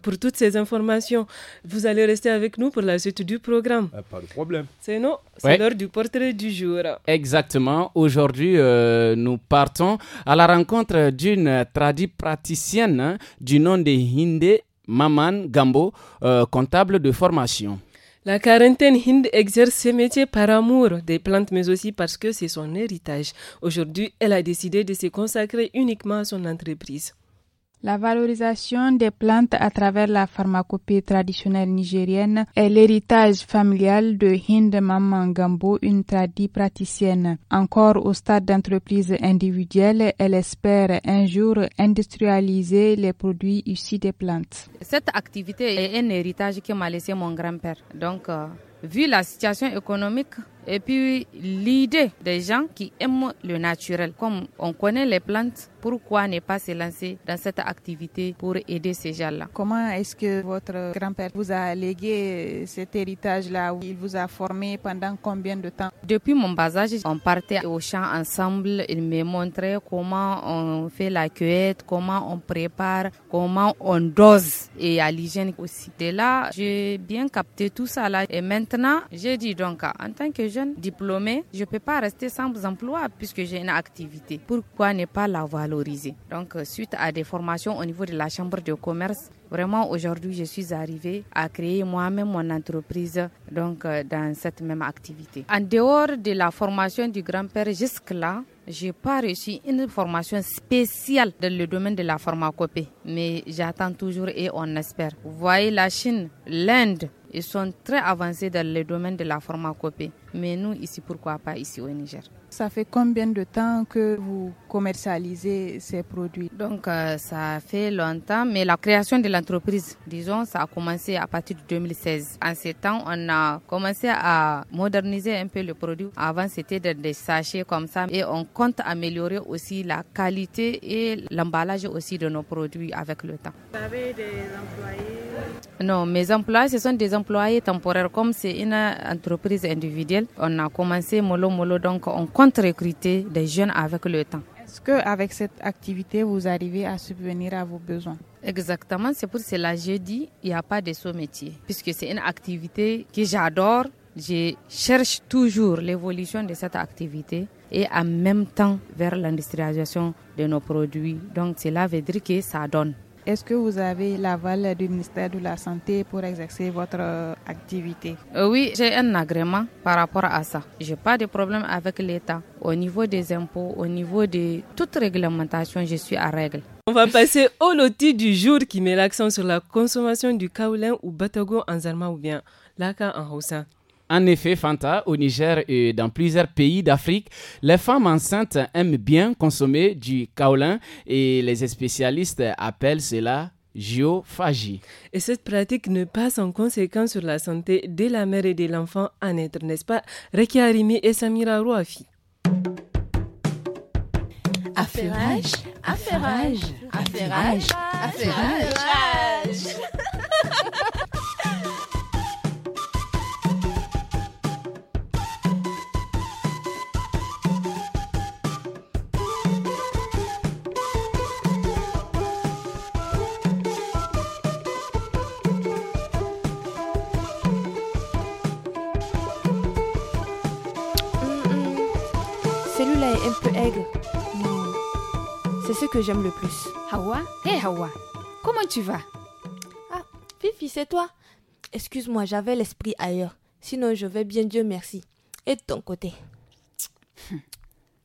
pour, toutes ces informations. Vous allez rester avec nous pour la suite du programme. Euh, pas de problème. C'est nous. c'est l'heure du portrait du jour. Exactement. Aujourd'hui, euh, nous partons à la rencontre d'une tradipraticienne praticienne hein, du nom de Hinde Maman Gambo, comptable de formation. La quarantaine Hind exerce ses métier par amour des plantes, mais aussi parce que c'est son héritage. Aujourd'hui, elle a décidé de se consacrer uniquement à son entreprise. La valorisation des plantes à travers la pharmacopée traditionnelle nigérienne est l'héritage familial de Hind Mamangambo, une tradie praticienne. Encore au stade d'entreprise individuelle, elle espère un jour industrialiser les produits issus des plantes. Cette activité est un héritage que m'a laissé mon grand-père. Donc, euh, vu la situation économique, et puis l'idée des gens qui aiment le naturel, comme on connaît les plantes, pourquoi ne pas se lancer dans cette activité pour aider ces gens-là Comment est-ce que votre grand-père vous a légué cet héritage-là Il vous a formé pendant combien de temps Depuis mon bas âge, on partait au champ ensemble. Il me montrait comment on fait la cueillette, comment on prépare, comment on dose et à l'hygiène aussi. De là, j'ai bien capté tout ça là. Et maintenant, j'ai dit donc, en tant que jeune je ne peux pas rester sans emploi puisque j'ai une activité. Pourquoi ne pas la valoriser Donc, euh, suite à des formations au niveau de la Chambre de commerce, vraiment aujourd'hui, je suis arrivée à créer moi-même mon entreprise donc, euh, dans cette même activité. En dehors de la formation du grand-père jusque-là, j'ai pas reçu une formation spéciale dans le domaine de la pharmacopée, mais j'attends toujours et on espère. Vous voyez la Chine, l'Inde, ils sont très avancés dans le domaine de la pharmacopée. Mais nous, ici, pourquoi pas ici au Niger Ça fait combien de temps que vous commercialisez ces produits Donc, euh, ça fait longtemps, mais la création de l'entreprise, disons, ça a commencé à partir de 2016. En ces temps, on a commencé à moderniser un peu le produit. Avant, c'était des sachets comme ça. Et on compte améliorer aussi la qualité et l'emballage aussi de nos produits avec le temps. Vous avez des employés Non, mes employés, ce sont des employés employé temporaire comme c'est une entreprise individuelle, on a commencé mollo mollo, donc on compte recruter des jeunes avec le temps. Est-ce qu'avec cette activité, vous arrivez à subvenir à vos besoins Exactement, c'est pour cela que je dis il n'y a pas de sous-métier, puisque c'est une activité que j'adore. Je cherche toujours l'évolution de cette activité et en même temps vers l'industrialisation de nos produits. Donc cela veut dire que ça donne. Est-ce que vous avez l'aval du ministère de la Santé pour exercer votre euh, activité euh, Oui, j'ai un agrément par rapport à ça. Je n'ai pas de problème avec l'État. Au niveau des impôts, au niveau de toute réglementation, je suis à règle. On va passer au loti du jour qui met l'accent sur la consommation du kaolin ou Batogo en zarma ou bien l'aka en haussa. En effet, Fanta, au Niger et dans plusieurs pays d'Afrique, les femmes enceintes aiment bien consommer du kaolin et les spécialistes appellent cela géophagie. Et cette pratique ne passe en conséquence sur la santé de la mère et de l'enfant à naître, n'est-ce pas Reki Arimi et Samira Rouafi. affairage, affairage, affairage. affairage. un peu aigre c'est ce que j'aime le plus. Hawa Hé Hawa, comment tu vas Ah, Fifi, c'est toi Excuse-moi, j'avais l'esprit ailleurs. Sinon, je vais bien, Dieu merci. Et de ton côté hum.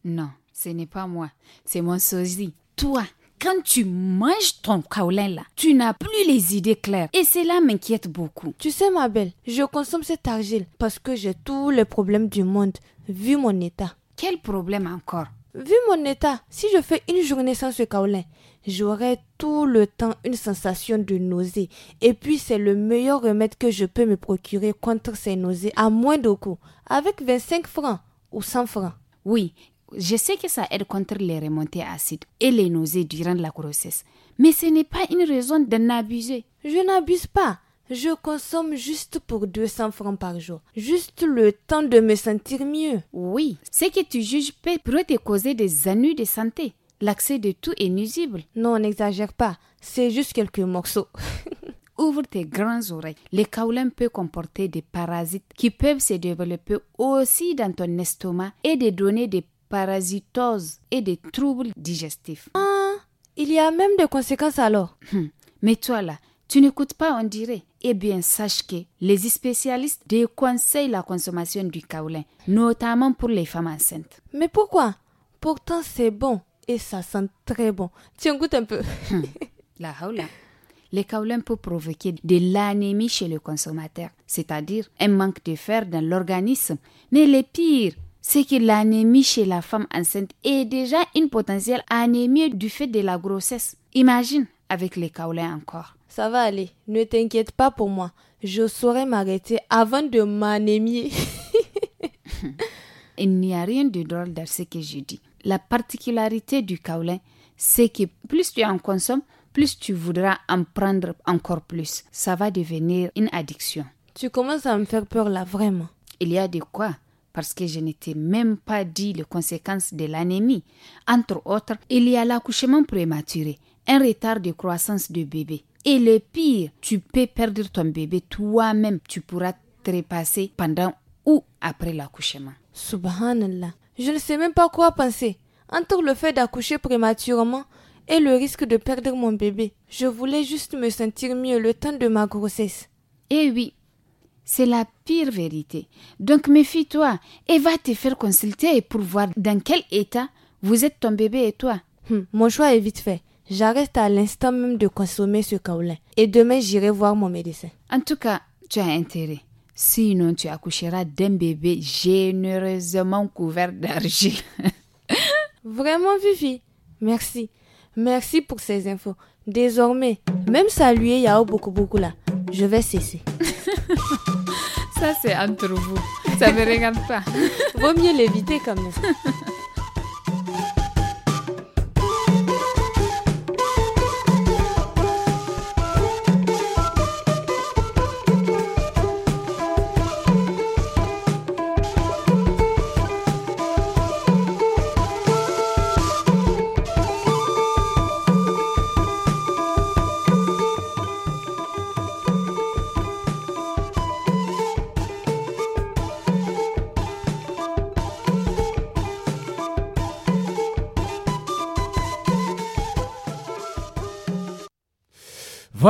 Non, ce n'est pas moi. C'est mon sosie. Toi, quand tu manges ton kaolin là, tu n'as plus les idées claires. Et cela m'inquiète beaucoup. Tu sais, ma belle, je consomme cette argile parce que j'ai tous les problèmes du monde, vu mon état. Quel problème encore Vu mon état, si je fais une journée sans ce kaolin, j'aurai tout le temps une sensation de nausée. Et puis c'est le meilleur remède que je peux me procurer contre ces nausées à moins de coût, avec 25 francs ou 100 francs. Oui, je sais que ça aide contre les remontées acides et les nausées durant la grossesse, mais ce n'est pas une raison d'en abuser. Je n'abuse pas. Je consomme juste pour 200 francs par jour. Juste le temps de me sentir mieux. Oui, ce que tu juges pourrait te causer des ennuis de santé. L'accès de tout est nuisible. Non, n'exagère pas. C'est juste quelques morceaux. Ouvre tes grandes oreilles. Le kaolin peut comporter des parasites qui peuvent se développer aussi dans ton estomac et donner des parasitoses et des troubles digestifs. Ah, il y a même des conséquences alors. Hum, mais toi là, tu n'écoutes pas, on dirait. Eh bien, sache que les spécialistes déconseillent la consommation du kaolin, notamment pour les femmes enceintes. Mais pourquoi Pourtant, c'est bon et ça sent très bon. Tiens, goûte un peu. Hmm. la Le kaolin peut provoquer de l'anémie chez le consommateur, c'est-à-dire un manque de fer dans l'organisme. Mais le pire, c'est que l'anémie chez la femme enceinte est déjà une potentielle anémie du fait de la grossesse. Imagine avec le kaolin encore ça va aller, ne t'inquiète pas pour moi, je saurai m'arrêter avant de m'anémier. Il n'y a rien de drôle dans ce que je dis. La particularité du kaolin, c'est que plus tu en consommes, plus tu voudras en prendre encore plus. Ça va devenir une addiction. Tu commences à me faire peur là, vraiment. Il y a de quoi parce que je ne t'ai même pas dit les conséquences de l'anémie. Entre autres, il y a l'accouchement prématuré, un retard de croissance du bébé, et le pire, tu peux perdre ton bébé toi-même. Tu pourras trépasser pendant ou après l'accouchement. Subhanallah. Je ne sais même pas quoi penser. Entre le fait d'accoucher prématurément et le risque de perdre mon bébé, je voulais juste me sentir mieux le temps de ma grossesse. Eh oui, c'est la pire vérité. Donc méfie-toi et va te faire consulter pour voir dans quel état vous êtes ton bébé et toi. Hum, mon choix est vite fait. J'arrête à l'instant même de consommer ce kaolin. Et demain, j'irai voir mon médecin. En tout cas, tu as intérêt. Sinon, tu accoucheras d'un bébé généreusement couvert d'argile. Vraiment, Vivi, merci. Merci pour ces infos. Désormais, même saluer Yao beaucoup beaucoup là, je vais cesser. Ça, c'est entre vous. Ça me regarde pas. Vaut mieux l'éviter quand même.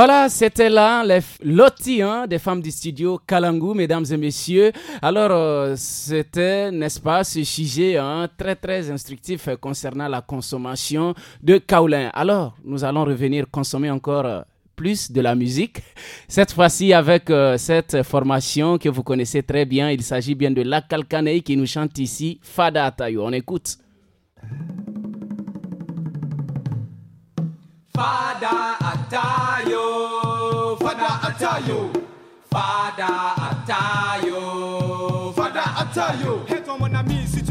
Voilà, c'était là l'oti hein, des femmes du studio Kalangu, mesdames et messieurs. Alors, euh, c'était, n'est-ce pas, ce sujet hein, très très instructif euh, concernant la consommation de kaolin. Alors, nous allons revenir consommer encore euh, plus de la musique. Cette fois-ci avec cette formation que vous connaissez très bien, il s'agit bien de la Kalkanei qui nous chante ici Fada Atayo. On écoute. Fada atayo, Father atayo, Father atayo, Father atayo. Hey, come on,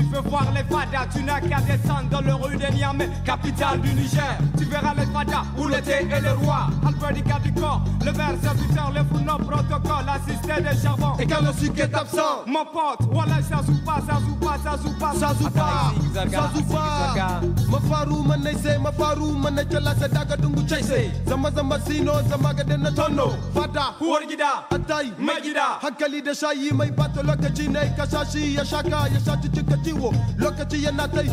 veux voir les fadas, tu n'as qu'à descendre dans le rue des Niamey, capitale du Niger. Tu verras les fadas où l'été est le roi. alberica du corps, le verre serviteur, le fourneau protocole, assisté des charbons. Et quand le sucre est absent, mon pote, voilà, ça zoupa, ça zoupa, ça zoupa, ça zoupa, ça zoupa. Mafaru farou, ma manese, la sedaga dungu chase. Zama zama sino, zama gadena tonno Fada, huorgida, atai, megida. Hakali de shayi, maipato bato kashashi, yashaka, yashachi chikachi wo lokaci yana tai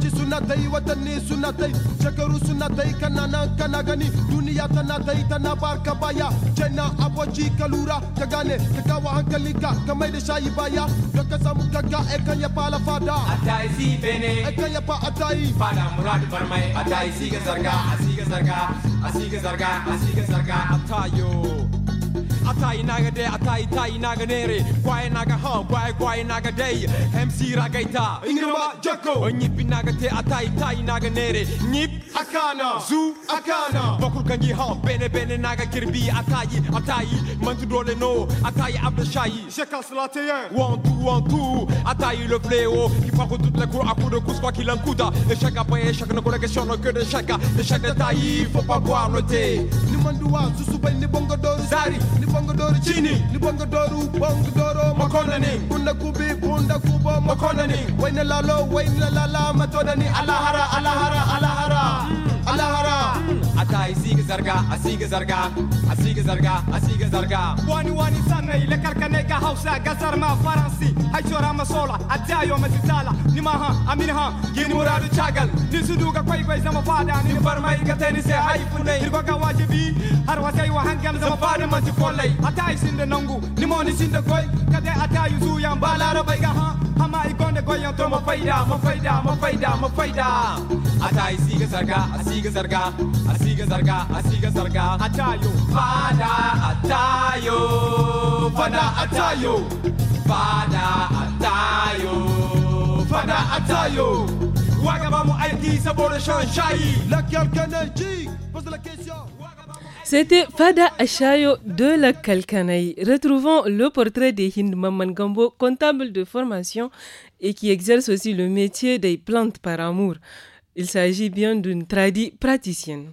ci suna tai watanni suna tai shekaru suna tai kana nan kana gani duniya tana tai tana barka baya jana aboci ka lura ka gane ka kawo hankali ka ka mai da shayi baya ka ka samu kanka e kan ya pala fada atai si bene e kan ya pa atai fada murad barmai atai si ga zarga asi ga zarga asi ga zarga asi ga zarga atayo Ataï naga de atai tai naga nere kwai naga ha kwai kwai naga day MC ragaita ingrama jacko Nip naga te tai naga nere Nip akana zu akana Bokul kanji ha bene bene naga kirbi Atay Man mantu dole no atai abdashai shekal salateyen one two one two le fléau qui prend toutes la cour à coup de coups quoi qu'il en coûte et chaque après chaque ne que de chaque de chaque taille faut pas boire le thé ni mandouan sous sous ni bongo d'or, bongo doro chini ni bongo doro bongo doro makonani bunda kubi bunda kubo makonani waina lalo waina lala matodani alahara alahara alahara mm. alahara ata isig zarga asig zarga asig zarga asig zarga wani wani sanna ile karkane ka hausa gasar ma faransi hay chora ma sola atayo ma sitala ni ma ha amin ha gin muradu chagal ni sudu ga kwai kwai zama fada ni barmai ga tani sai hay funai ni baga wajibi har wasai wa hangam zama fada ma ti kollai atai sin da nangu ni mo ni sin da koi kada atayu zu yan balara bai ga ha hama ikonde goyan to ma faida ma faida ma faida ma faida atai siga zarga asig C'était Fada Achayo de la Kalkanaï. Retrouvons le portrait de Hind Mamangambo, comptable de formation et qui exerce aussi le métier des plantes par amour. Il s'agit bien d'une tradie praticienne.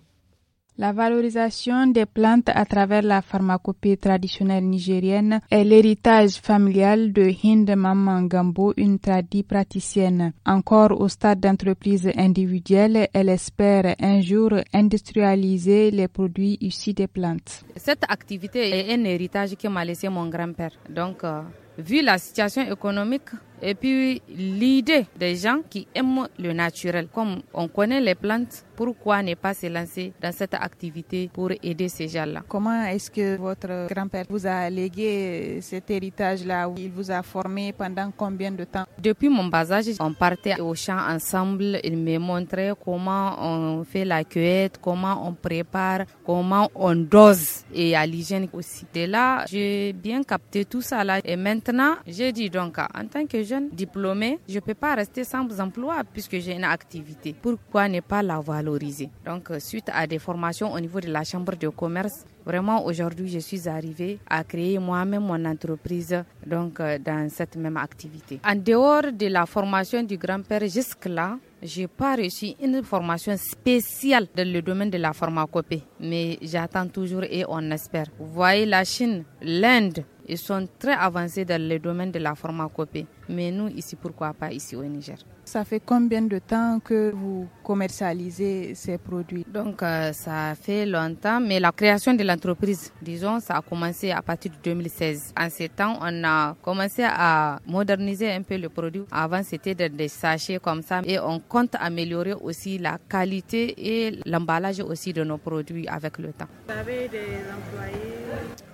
La valorisation des plantes à travers la pharmacopée traditionnelle nigérienne est l'héritage familial de Hind Maman Gambo, une tradie praticienne. Encore au stade d'entreprise individuelle, elle espère un jour industrialiser les produits issus des plantes. Cette activité est un héritage que m'a laissé mon grand-père. Donc, euh, vu la situation économique, et puis l'idée des gens qui aiment le naturel, comme on connaît les plantes, pourquoi ne pas se lancer dans cette activité pour aider ces gens-là Comment est-ce que votre grand-père vous a légué cet héritage-là Il vous a formé pendant combien de temps Depuis mon bas âge, on partait au champ ensemble. Il me montrait comment on fait la cueillette, comment on prépare, comment on dose et à l'hygiène aussi. De là, j'ai bien capté tout ça là. Et maintenant, j'ai dit donc, en tant que jeune, diplômé diplômée, je ne peux pas rester sans emploi puisque j'ai une activité. Pourquoi ne pas la valoriser Donc, euh, suite à des formations au niveau de la Chambre de commerce, Vraiment, aujourd'hui, je suis arrivée à créer moi-même mon entreprise donc, euh, dans cette même activité. En dehors de la formation du grand-père jusque-là, j'ai pas reçu une formation spéciale dans le domaine de la pharmacopée, mais j'attends toujours et on espère. Vous voyez la Chine, l'Inde, ils sont très avancés dans le domaine de la pharmacopée. Mais nous, ici, pourquoi pas ici au Niger Ça fait combien de temps que vous commercialisez ces produits Donc, euh, ça fait longtemps, mais la création de l'entreprise, disons, ça a commencé à partir de 2016. En ces temps, on a commencé à moderniser un peu le produit. Avant, c'était des sachets comme ça. Et on compte améliorer aussi la qualité et l'emballage aussi de nos produits avec le temps. Vous avez des employés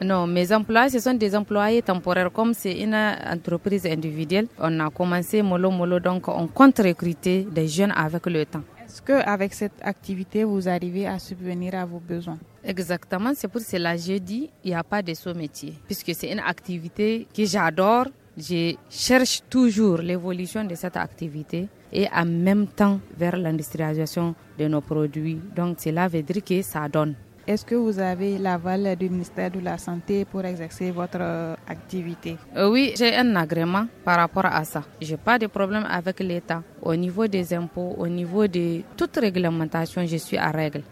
non, mes emplois, ce sont des employés temporaires. Comme c'est une entreprise individuelle, on a commencé mollo mollo, donc on compte recruter des jeunes avec le temps. Est-ce qu'avec cette activité, vous arrivez à subvenir à vos besoins Exactement, c'est pour cela que je dis il n'y a pas de sous métier, puisque c'est une activité que j'adore. Je cherche toujours l'évolution de cette activité et en même temps vers l'industrialisation de nos produits. Donc cela veut dire que ça donne. Est-ce que vous avez l'aval du ministère de la Santé pour exercer votre euh, activité euh, Oui, j'ai un agrément par rapport à ça. Je n'ai pas de problème avec l'État. Au niveau des impôts, au niveau de toute réglementation, je suis à règle.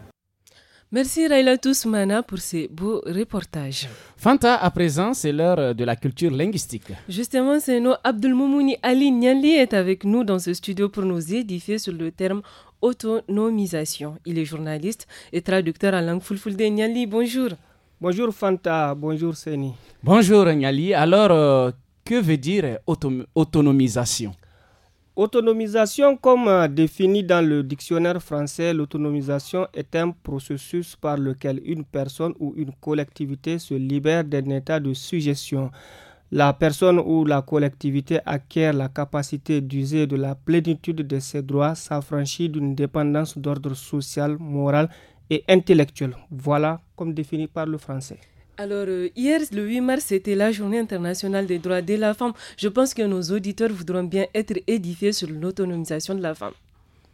Merci Raila Tousmana pour ces beaux reportages. Fanta, à présent, c'est l'heure de la culture linguistique. Justement, c'est nous, Abdul Moumouni Ali Niali est avec nous dans ce studio pour nous édifier sur le terme autonomisation. Il est journaliste et traducteur en langue fulfulde Niali. Bonjour. Bonjour Fanta, bonjour Seni. Bonjour Niali. Alors, euh, que veut dire autonomisation Autonomisation, comme euh, défini dans le dictionnaire français, l'autonomisation est un processus par lequel une personne ou une collectivité se libère d'un état de suggestion. La personne ou la collectivité acquiert la capacité d'user de la plénitude de ses droits, s'affranchit d'une dépendance d'ordre social, moral et intellectuel. Voilà comme défini par le français. Alors, euh, hier, le 8 mars, c'était la journée internationale des droits de la femme. Je pense que nos auditeurs voudront bien être édifiés sur l'autonomisation de la femme.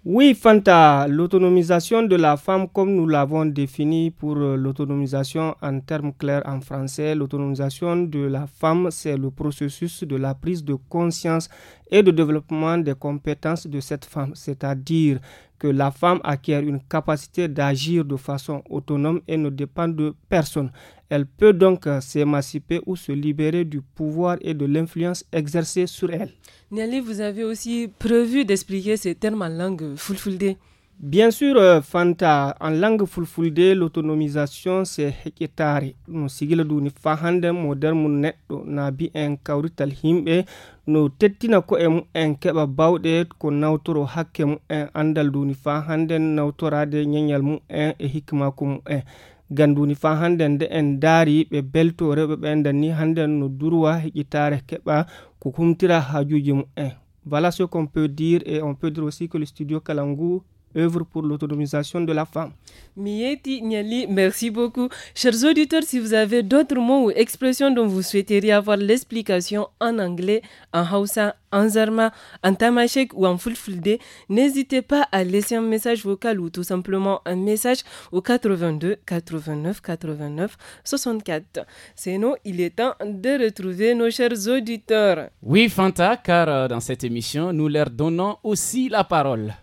Oui, Fanta, l'autonomisation de la femme, comme nous l'avons défini pour euh, l'autonomisation en termes clairs en français, l'autonomisation de la femme, c'est le processus de la prise de conscience et de développement des compétences de cette femme, c'est-à-dire que la femme acquiert une capacité d'agir de façon autonome et ne dépend de personne. Elle peut donc euh, s'émanciper ou se libérer du pouvoir et de l'influence exercée sur elle. Nelly, vous avez aussi prévu d'expliquer ces termes en langue bien sûr euh, fanta en langue fulfulde l' autonomisation c' heqitare no sigila duni fa hande mo dermum neɗɗo naabi en kawrital himɓe no tettina ko e mumen keɓa bawɗe ko nawtoro hakke mumen andal duni fa hande nawtorade ñeñal mumen e hikkimako mumen ganduni fa hande nde en daari ɓe belto rewɓe ɓen danni hande no durwa heƴitare keɓa ko humtira hajuji mumen voilà ce qu'on peut dire et on peut dire aussi que le studio kalangu œuvre pour l'autonomisation de la femme. Mieti Niali, merci beaucoup. Chers auditeurs, si vous avez d'autres mots ou expressions dont vous souhaiteriez avoir l'explication en anglais, en Hausa, en Zarma, en Tamashek ou en Fulfulde, n'hésitez pas à laisser un message vocal ou tout simplement un message au 82 89 89 64. Sinon, il est temps de retrouver nos chers auditeurs. Oui, Fanta, car euh, dans cette émission, nous leur donnons aussi la parole.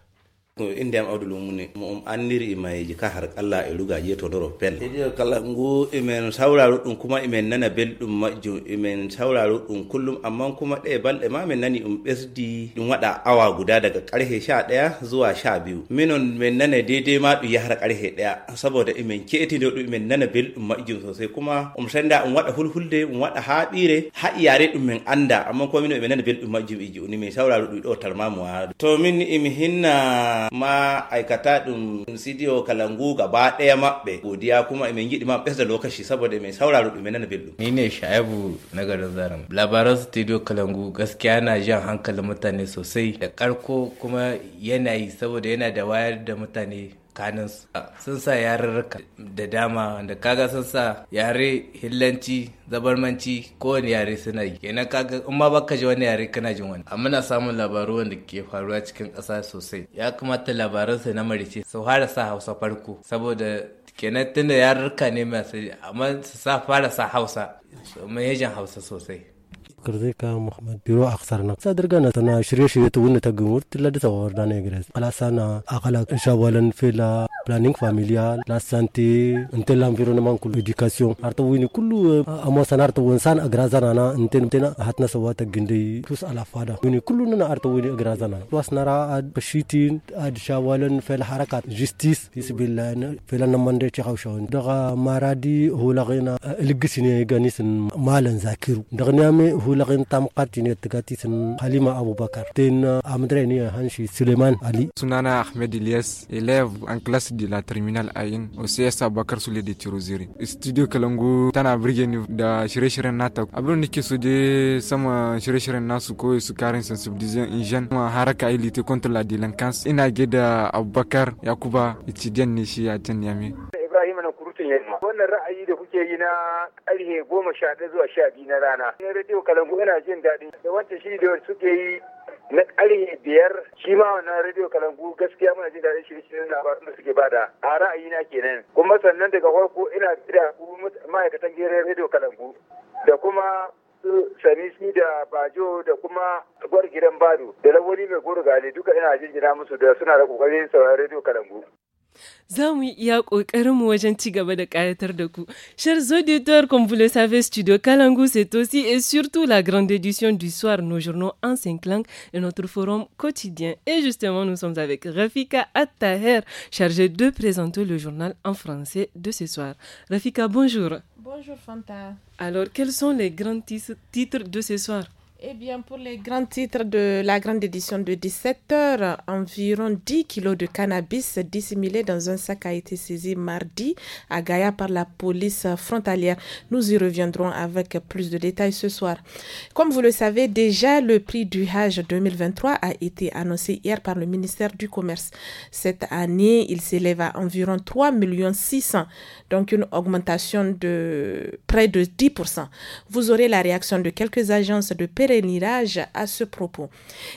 to inde am awdul mumne mo anniri imaji e ka har kala e lugaji to doro pel e kala ngu imen sauraro dum kuma imen nana beldum majjum imen sauraro dum kullum amma kuma de balde ma men nani um besdi dum wada awa guda daga karhe 11 zuwa 12 biyu minon min nana daidai ma ɗum yahar karhe 1 saboda keti do dum imin nana beldum majjum sosai kuma um senda um wada hulhulde um wada habire ha iyare dum men anda amma kuma minon imin nana belɗum majjum iji uni min sauraro ɗum ɗo tarmamuwa to min imi hinna ma'aikata ɗin sidiyo kalangu gaba ɗaya maɓɓe godiya kuma min giɗi ma ɓesa lokaci saboda mai sauraro ɗume na belɗum. ni ne sha'ibu na garin zaren labaran studio kalangu gaskiya na jan hankalin mutane sosai da ƙarko kuma yanayi saboda yana da wayar da mutane tsakaninsu sun sa yarurruka da dama wanda kaga sun sa yare hillanci zabarmanci kowane yare suna yi kenan kaga in ma baka ji wani yare kana jin wani amma na samun labaru wanda ke faruwa cikin ƙasa sosai ya kamata labaransu na marice su fara sa hausa farko saboda kenan tunda yarurruka ne masu amma su sa fara sa hausa yajin hausa sosai ቅርዚካ መክመድሩ ኣክሰርና ሳድርጋና ተና ሽርዮ ሽቤት እውን ነተግሙር ትለድተ ወርዳነ ግረስ ቃላሳና ኣቃላ እንሻዋለን ፌላ ፕላኒንግ ፋሚልያ ላሳንቲ እንቴን ላንቪሮንማን ኩሉ ኤዲካሲዮን ኣርተዊኒ ኩሉ ኣሞሳን ኣርተወንሳን እግራዛናና እንቴንቴና ሃትና ሰዋ ተግንደይ ቱስ ኣላፋዳ ዊኒ ኩሉንና ኣርተዊኒ እግራዛና ዋስናራ በሺቲን ኣድሻዋለን ፌላ ሓረካት ጅስቲስ ይስቢላን ፌላ ነማንደ ቸካውሻውን ደቃ ማራዲ ሁላቂና እልግስኒ ገኒስን ማለን ዛኪሩ እንደቅንያሜ bulagin tamkat ne tagatisin halima abubakar din uh, amdre ni hanshi suleiman ali sunana ahmed ilyas élève en classe de la terminale ayin au cs abubakar sule da tiroziri studio kalangu tana birge ni da shirye nata abin da ke de sama shirye nasu ko su karin in injan ma haraka ai lite contre la delinquance ina gida abubakar yakuba itidiyan ne shi a yami ibrahim na kuru ya yi wannan ra'ayi da kuke yi na karhe goma sha ɗaya zuwa sha biyu na rana Ina rediyo kalangu ina jin daɗi da wancan shi da suke yi na karhe biyar shi ma wannan rediyo kalangu gaskiya muna jin daɗin shirye-shiryen labarun da suke bada a ra'ayi na kenan kuma sannan daga farko ina kira ku ma'aikatan geren rediyo kalangu da kuma sanisi da bajo da kuma gwar gidan bado da lawani mai goro gali duka ina jin musu da suna da kokarin saurari rediyo kalangu gaba Chers auditeurs, comme vous le savez, Studio Kalangu, c'est aussi et surtout la grande édition du soir, nos journaux en cinq langues et notre forum quotidien. Et justement, nous sommes avec Rafika Attaher, chargée de présenter le journal en français de ce soir. Rafika, bonjour. Bonjour Fanta. Alors, quels sont les grands titres de ce soir eh bien, pour les grands titres de la grande édition de 17h, environ 10 kilos de cannabis dissimulés dans un sac a été saisi mardi à Gaïa par la police frontalière. Nous y reviendrons avec plus de détails ce soir. Comme vous le savez, déjà le prix du Hajj 2023 a été annoncé hier par le ministère du Commerce. Cette année, il s'élève à environ 3 600 donc une augmentation de près de 10%. Vous aurez la réaction de quelques agences de périmètre. L'irage à ce propos.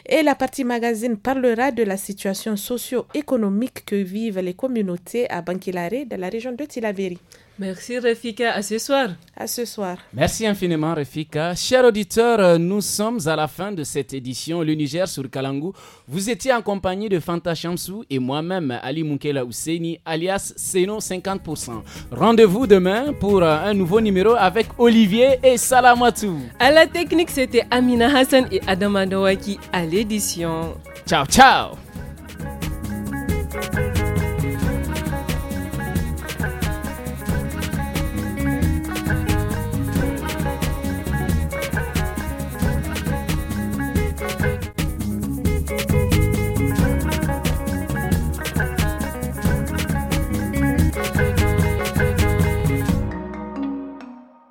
Et la partie magazine parlera de la situation socio-économique que vivent les communautés à Bankilare, dans la région de Tilaveri. Merci Refika, à ce soir. À ce soir. Merci infiniment Refika. Chers auditeurs, euh, nous sommes à la fin de cette édition Le Niger sur Kalangu Vous étiez en compagnie de Fanta Chamsou et moi-même Ali Moukela Ousseini alias Seno 50%. Rendez-vous demain pour euh, un nouveau numéro avec Olivier et Salamatou. À la technique, c'était Amina Hassan et Adam qui à l'édition. Ciao ciao.